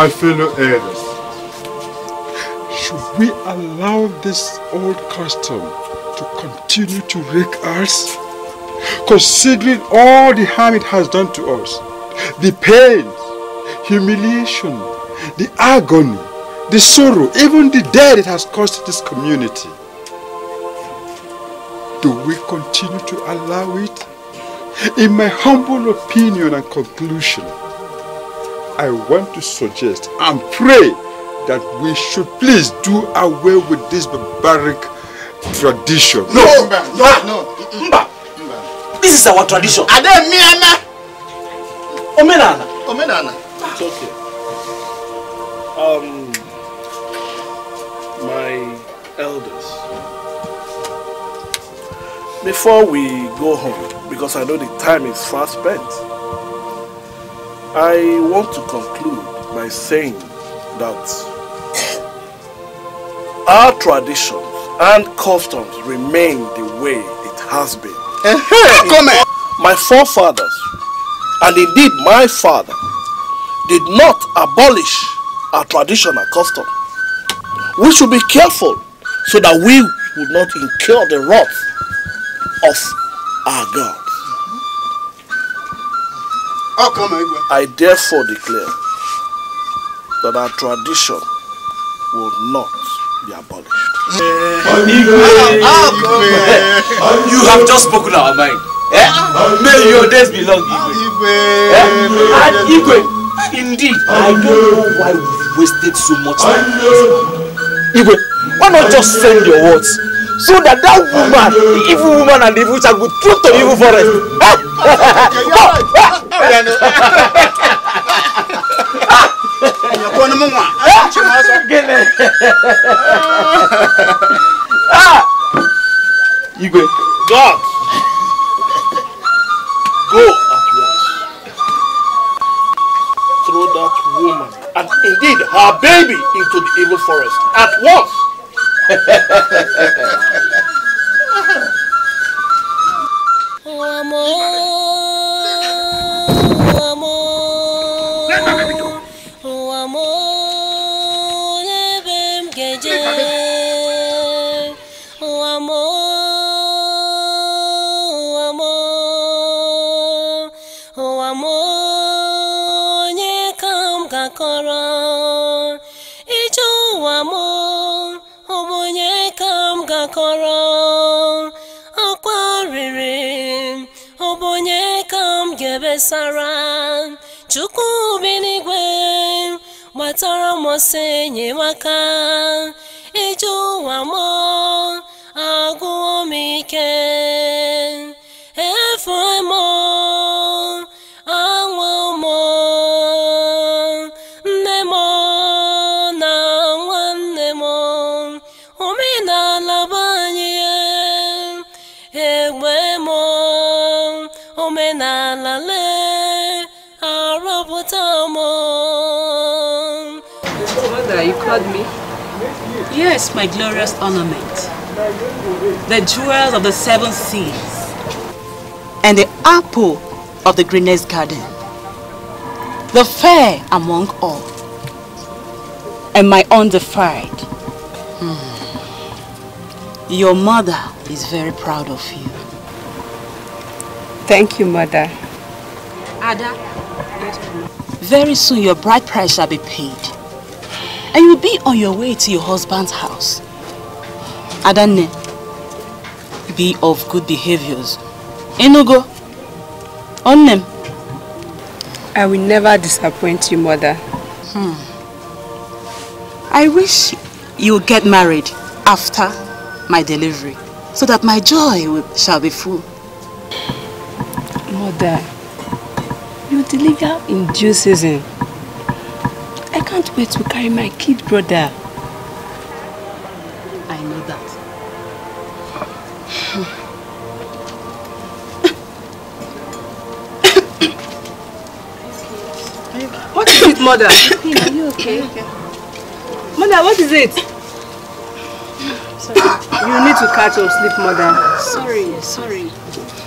my fellow elders, should we allow this old custom to continue to wreck us? Considering all the harm it has done to us, the pain, humiliation, the agony, the sorrow, even the death it has caused this community. Do we continue to allow it? In my humble opinion and conclusion, I want to suggest and pray that we should please do away with this barbaric tradition. No, no, Mba. no, no. Mba. Mba. This is our tradition. Are they me, Anna? Omenana. Omenana. It's okay. Um, my elders, before we go home, because I know the time is fast spent, I want to conclude by saying that our traditions and customs remain the way it has been. Uh-huh. Come my forefathers, and indeed my father, did not abolish our traditional custom. We should be careful so that we would not incur the wrath of I therefore declare that our tradition will not be abolished. You have just spoken our mind. Eh? May your days be long, Igwe. Eh? And Igwe, indeed, I don't know why we wasted so much time. Igwe, why not just send your words so that that woman the evil woman and the evil child go through to the evil forest. Igwe. God. Go at once. Throw that woman and indeed her baby into the evil forest at once. Amor amụsị enyemaka ịjụ ụwa m agụụ m ike me? Yes, my glorious ornament. The jewels of the seven seas. And the apple of the greenest garden. The fair among all. And my undefied. Hmm. Your mother is very proud of you. Thank you, mother. Ada, very soon your bride price shall be paid and you'll be on your way to your husband's house. Adanne, be of good behaviors. Enugo, on I will never disappoint you, mother. Hmm. I wish you'll get married after my delivery so that my joy will, shall be full. Mother, you deliver in due season. I can't wait to carry my kid brother. I know that. what is it, mother? are you okay? okay? Mother, what is it? Sorry. You need to catch your sleep, mother. Sorry, sorry.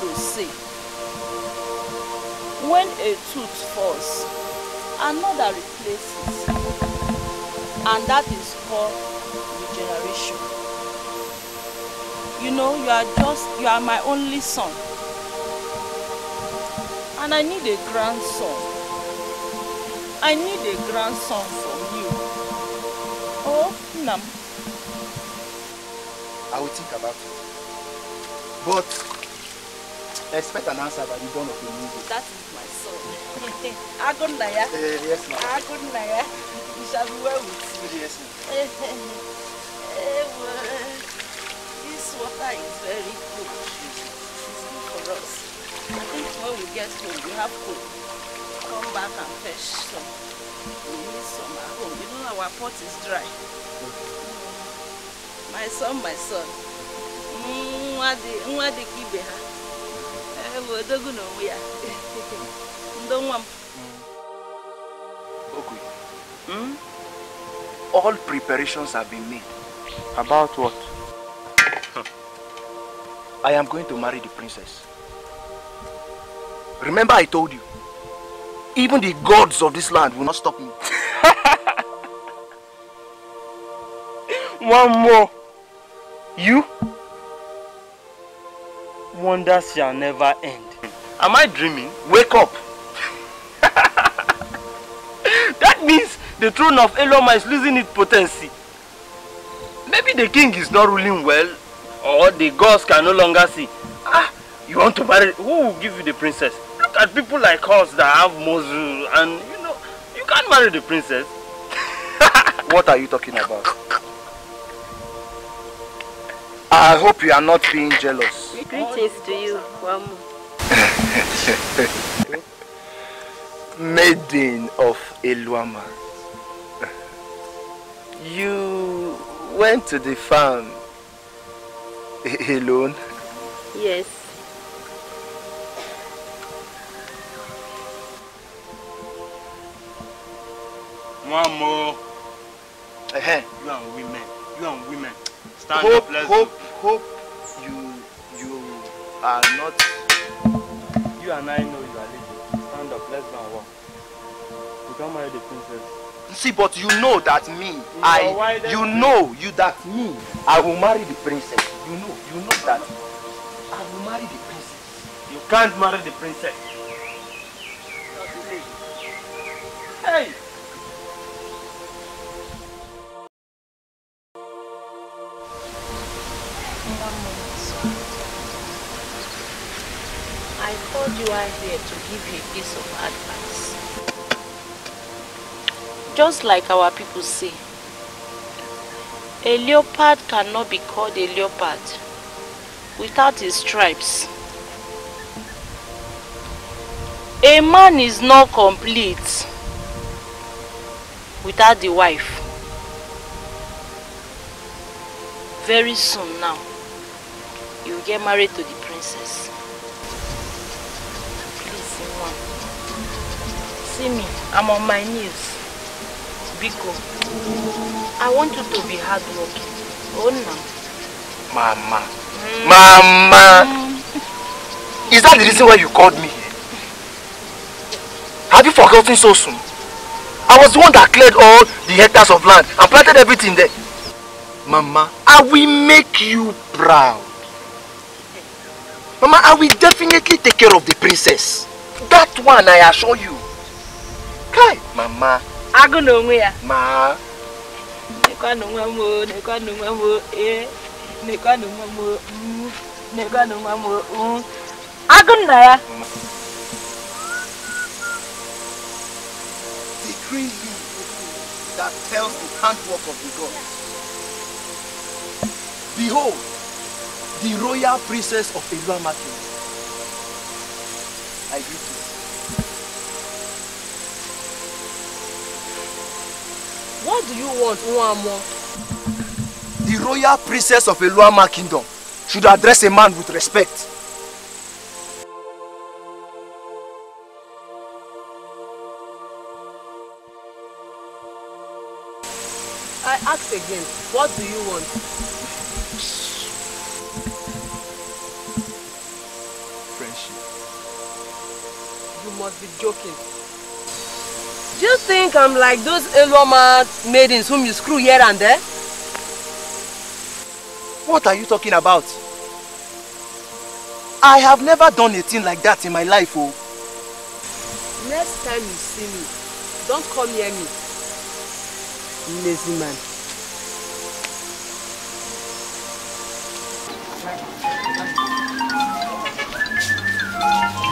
to see, when a tooth falls another replaces it and that is called regeneration you know you are just you are my only son and i need a grandson i need a grandson from you oh nam i will think about it but expect an answer by the dawn of the new day. That is my son. Agunaya. Uh, eh, yes, ma'am. Agunaya. You shall be well with you. Yes, ma'am. Eh, eh, this water is very good. It's good for us. I think when we get home, we have to come back and fetch some. We need some at home. You know our pot is dry. My son, my son. what what dị ibe ha okay. hmm? all preparations have been made about what I am going to marry the princess remember I told you even the gods of this land will not stop me one more you wonders shall never end. Am I dreaming? Wake up! that means the throne of Eloma is losing its potency. Maybe the king is not ruling well, or the gods can no longer see. Ah, you want to marry? Who will give you the princess? Look at people like us that have muscles, and you know, you can't marry the princess. what are you talking about? I hope you are not being jealous. Greetings to you, Wamu. Maiden of Eluama. You went to the farm alone? Yes. One more. Uh -huh. You are women. You are women. Stand hope, up, Hope, hope, hope are not you and I know you are lazy. Stand up, let's go and walk. You can't marry the princess. See, but you know that me, you I, know you know you that me, I will marry the princess. You know, you know that I will marry the princess. You can't marry the princess. Hey! I thought you were here to give a piece of advice. Just like our people say, a leopard cannot be called a leopard without his stripes. A man is not complete without the wife. Very soon now, you get married to the princess. see me. I'm on my knees. Biko, I want you to be hardworking. Oh, no. Mama. Mm. Mama. Mm. Is that the reason why you called me here? Have you forgotten so soon? I was the one that cleared all the hectares of land and planted everything there. Mama, I will make you proud. Mama, I will definitely take care of the princess. That one, I assure you. mà Kai. Mama. Aku nunggu ya. Ma. Neko nunggu kamu, neko nunggu kamu, eh. Neko nunggu kamu, mm. Neko nunggu kamu, mm. Aku nda ya. Decree you that tells the handwork of the gods. Behold, the royal princess of Eluama Kingdom. I greet you. What do you want, Nwaamo? The royal princess of Eluama kingdom should address a man with respect. I ask again, what do you want? Friendship. You must be joking. Do you think I'm like those Eloma maidens whom you screw here and there? What are you talking about? I have never done a thing like that in my life, oh. Next time you see me, don't come near me. Lazy man. Thank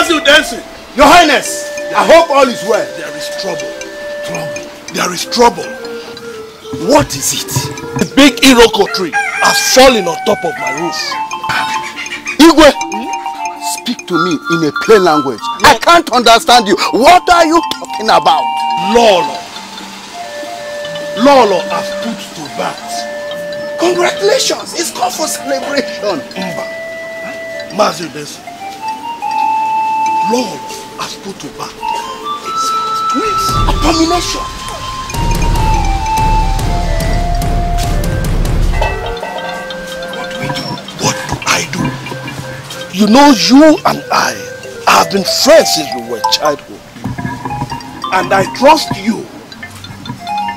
Where's you dancing? Your Highness, I hope all is well. There is trouble. Trouble. There is trouble. What is it? The big Iroko tree has fallen on top of my roof. Igwe, hmm? speak to me in a plain language. What? I can't understand you. What are you talking about? Lolo. Lolo has put to birth. Congratulations. It's called for celebration. Mm. Huh? Mazu Desu. Love has put to back is twins, abomination. What do we do? What do I do? You know, you and I have been friends since we were childhood. And I trust you.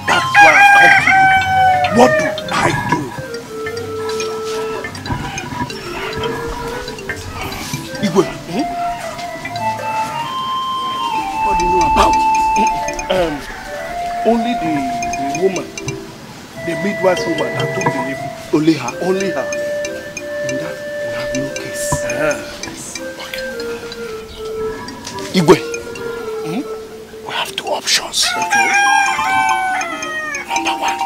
That's why I come to you. What do I do? only the, the woman, the midwife woman that took the baby. Only her? Only her. In that, we have no case. Ah. Yes. Igwe, hmm? we have two options. Okay. Number one,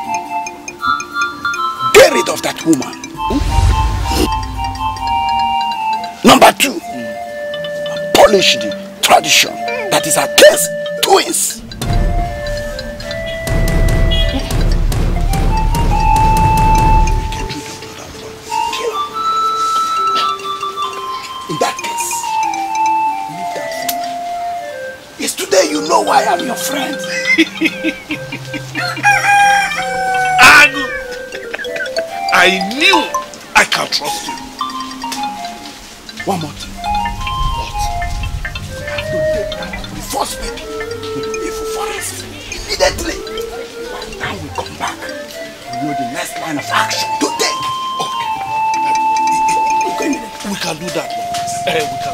get rid of that woman. Hmm? Number two, hmm. polish the tradition that is against twins. i am your friend. And I knew I can trust you. One more thing. What? We have to take that to the first baby to the evil forest immediately. Now we come back, we know the next line of action to take. Okay. We can do that. Uh, we can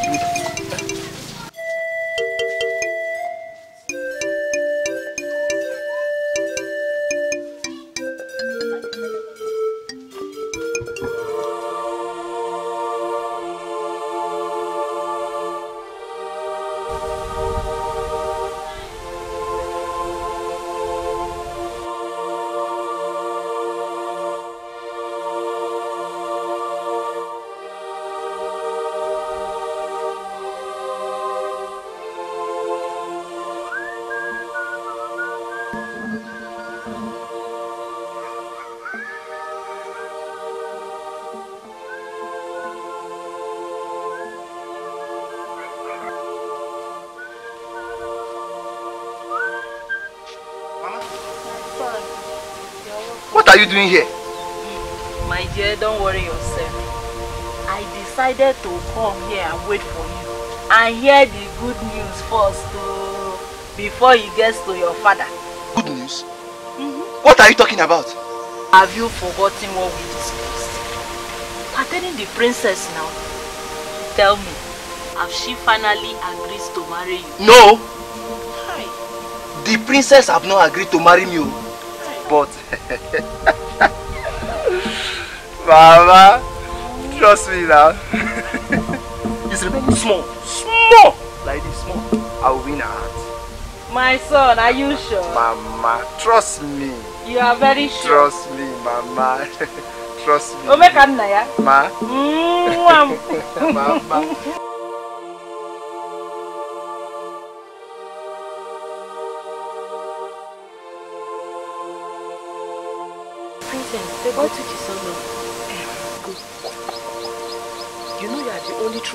doing here? My dear, don't worry yourself. I decided to come here and wait for you. And hear the good news first to, oh, before it gets to your father. Good news? Mm -hmm. What are you talking about? Have you forgotten what we discussed? Pertaining the princess now, tell me, have she finally agreed to marry you? No! The princess have not agreed to marry me, oh. but Mama, trust me now. a remember, small, small, like this, small. I'll win her heart. My son, are you sure? Mama, trust me. You are very sure. Trust me, Mama. trust me. Omeka nna ya? Ma. Mm, mama.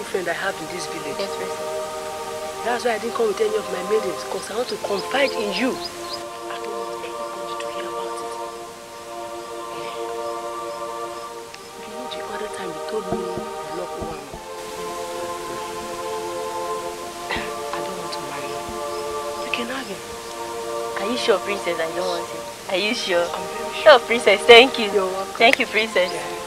friend I have in this village. Yes, Risa. That's why I didn't come with any of my maidens, because I want to confide in you. I don't want anybody to hear about it. You know, the other time you told me you love one. I don't want to marry him. You can have Are you sure, Princess, I don't want him? Are you sure? I'm very sure. Oh, Princess, thank you. You're welcome. Thank you, Princess. Yeah.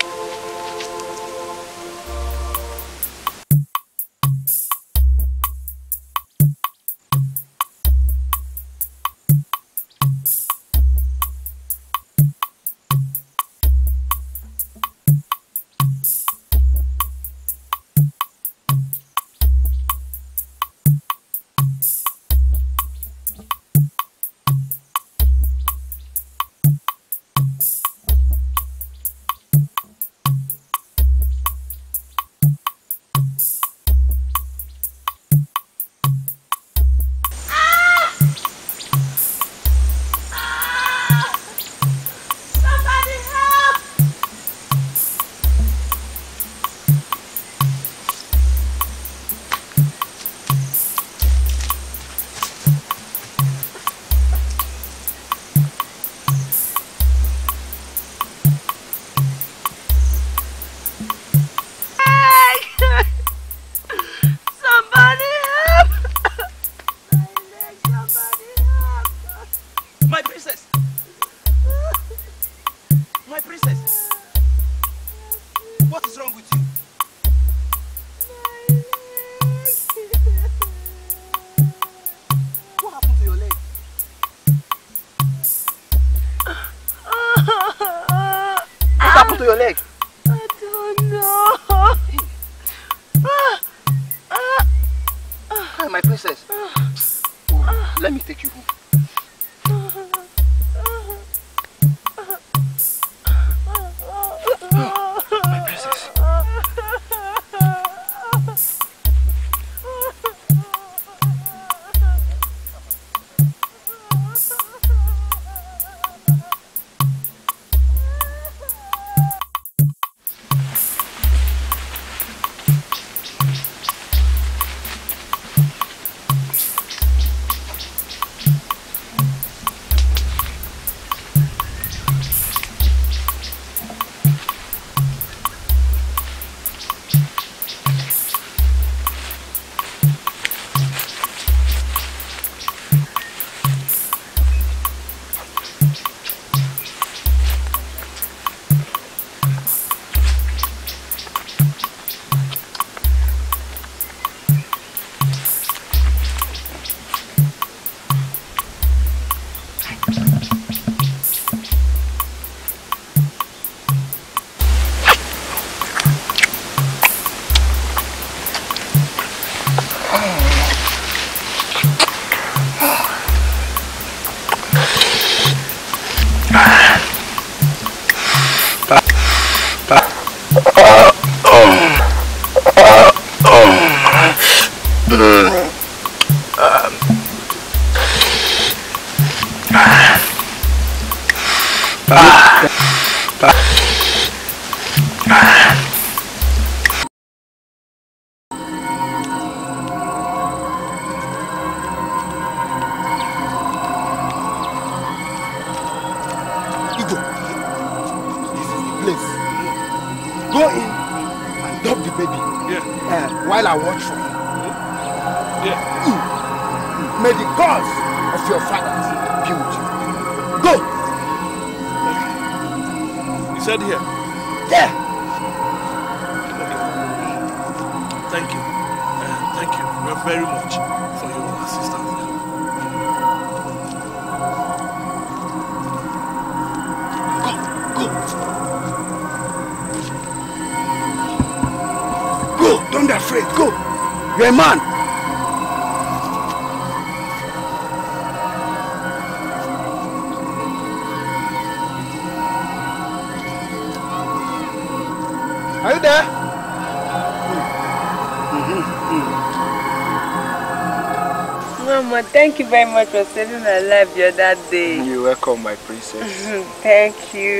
much for saving my life the other day. You're welcome, my princess. Thank you.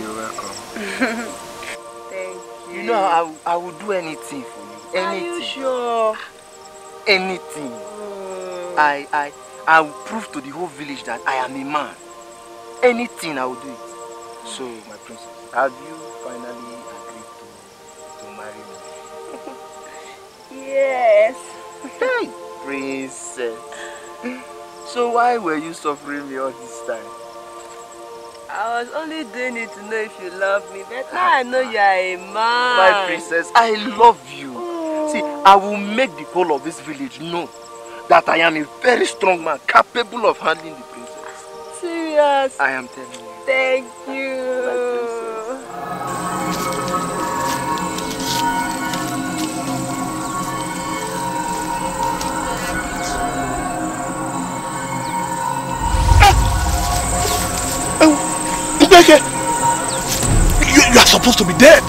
You're welcome. Thank you. You know, I, I will do anything for you. Anything. Are you sure? Anything. Oh. I, I, I will prove to the whole village that I am a man. Anything, I will do it. Hmm. So, my princess, I'll do Why were you suffering me all this time? I was only doing it to know if you love me, but now I know you are a man. My princess, I love you. Oh. See, I will make the whole of this village know that I am a very strong man, capable of handling the princess. Serious? I am telling you. Thank you. Obeke, you, you are supposed to be dead.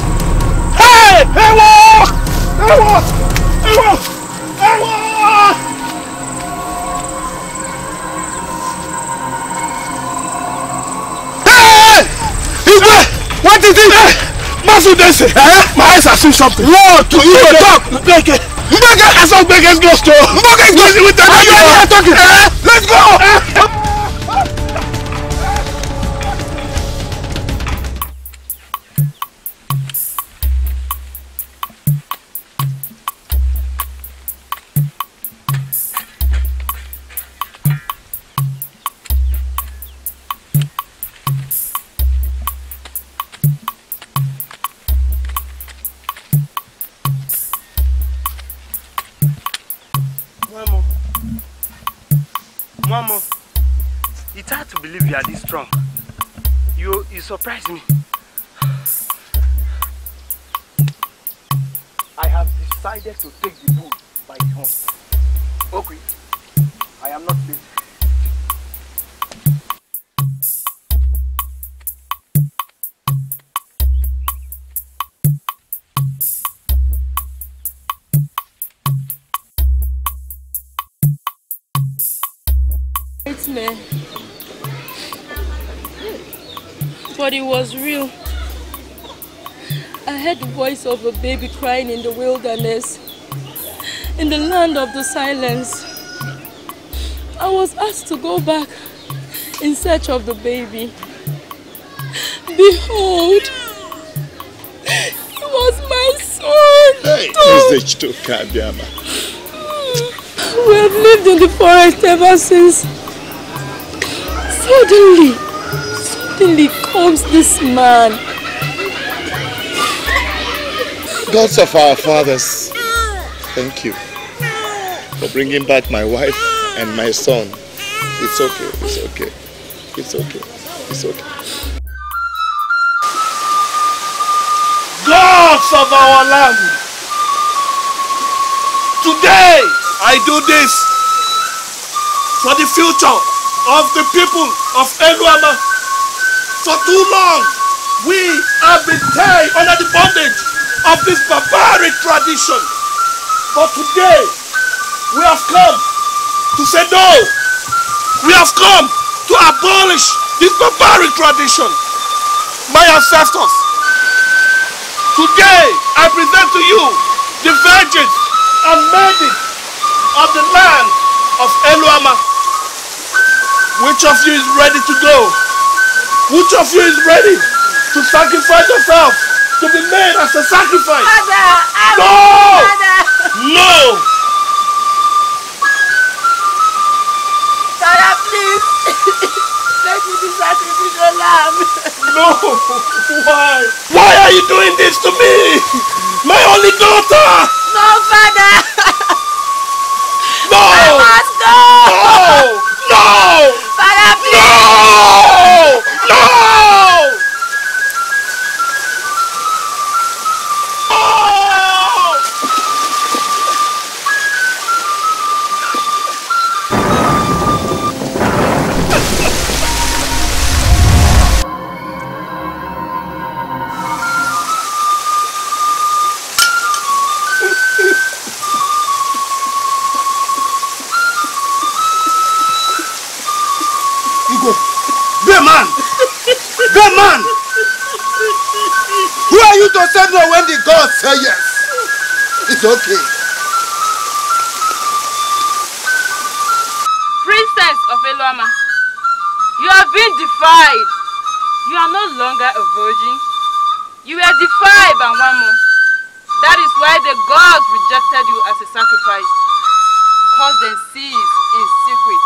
Hey! Ewo! Ewo! Ewo! Ewo! Hey! Igwe! What is it? Masudese! Eh? My eyes are seeing something. Lord, to you talk! Obeke! Mbeke! I saw Mbeke's ghost too! Mbeke's ghost! to the... Are you talking? Eh? Let's go! Eh? surprise me. voice of a baby crying in the wilderness, in the land of the silence. I was asked to go back in search of the baby. Behold, it was my son! Hey, oh. We have lived in the forest ever since. Suddenly, suddenly comes this man gods of our fathers, thank you for bringing back my wife and my son. It's okay, it's okay, it's okay, it's okay. Gods of our land, today I do this for the future of the people of Eluama. For too long, we have been tied under the bondage of this barbaric tradition. But today, we have come to say no. We have come to abolish this barbaric tradition. My ancestors, today I present to you the virgins and maidens of the land of Eluama. Which of you is ready to go? Which of you is ready to sacrifice yourself to be made as a sacrifice. Father, i no! Father. No! Father, please, let me be sacrificial lamb. No! Why? Why are you doing this to me? My only daughter! No, Father! No! the man. Who are you to say no when the God say yes? It's okay. Princess of Eloama, you have been defied. You are no longer a virgin. You were defied by one more. That is why the gods rejected you as a sacrifice. Cause them cease in secret.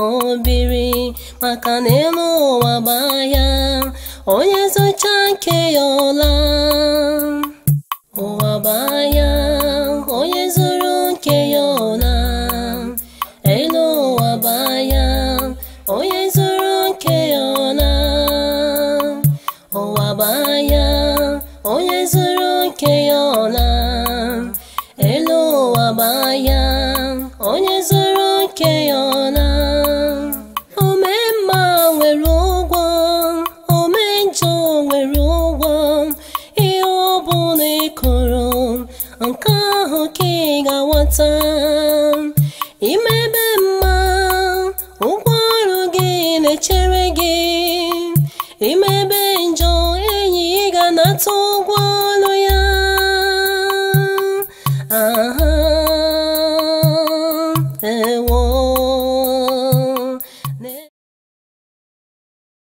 ahụ biri maka n'elu ụwa gbaa onye zụcha nke ya ọla ụwa gbaa onye zụrụ nke ya ọla elu ụwa gbaa onye zụrụ nke ya ọla ụwa gbaa onye zụrụ nke ya ọla elu ụwa gbaa onye zụrụ nke ya ọla nke ga-awọta imebe mma ụgwọ ọrụ gị na-echere gị imebe njọ enyi ga na-atụ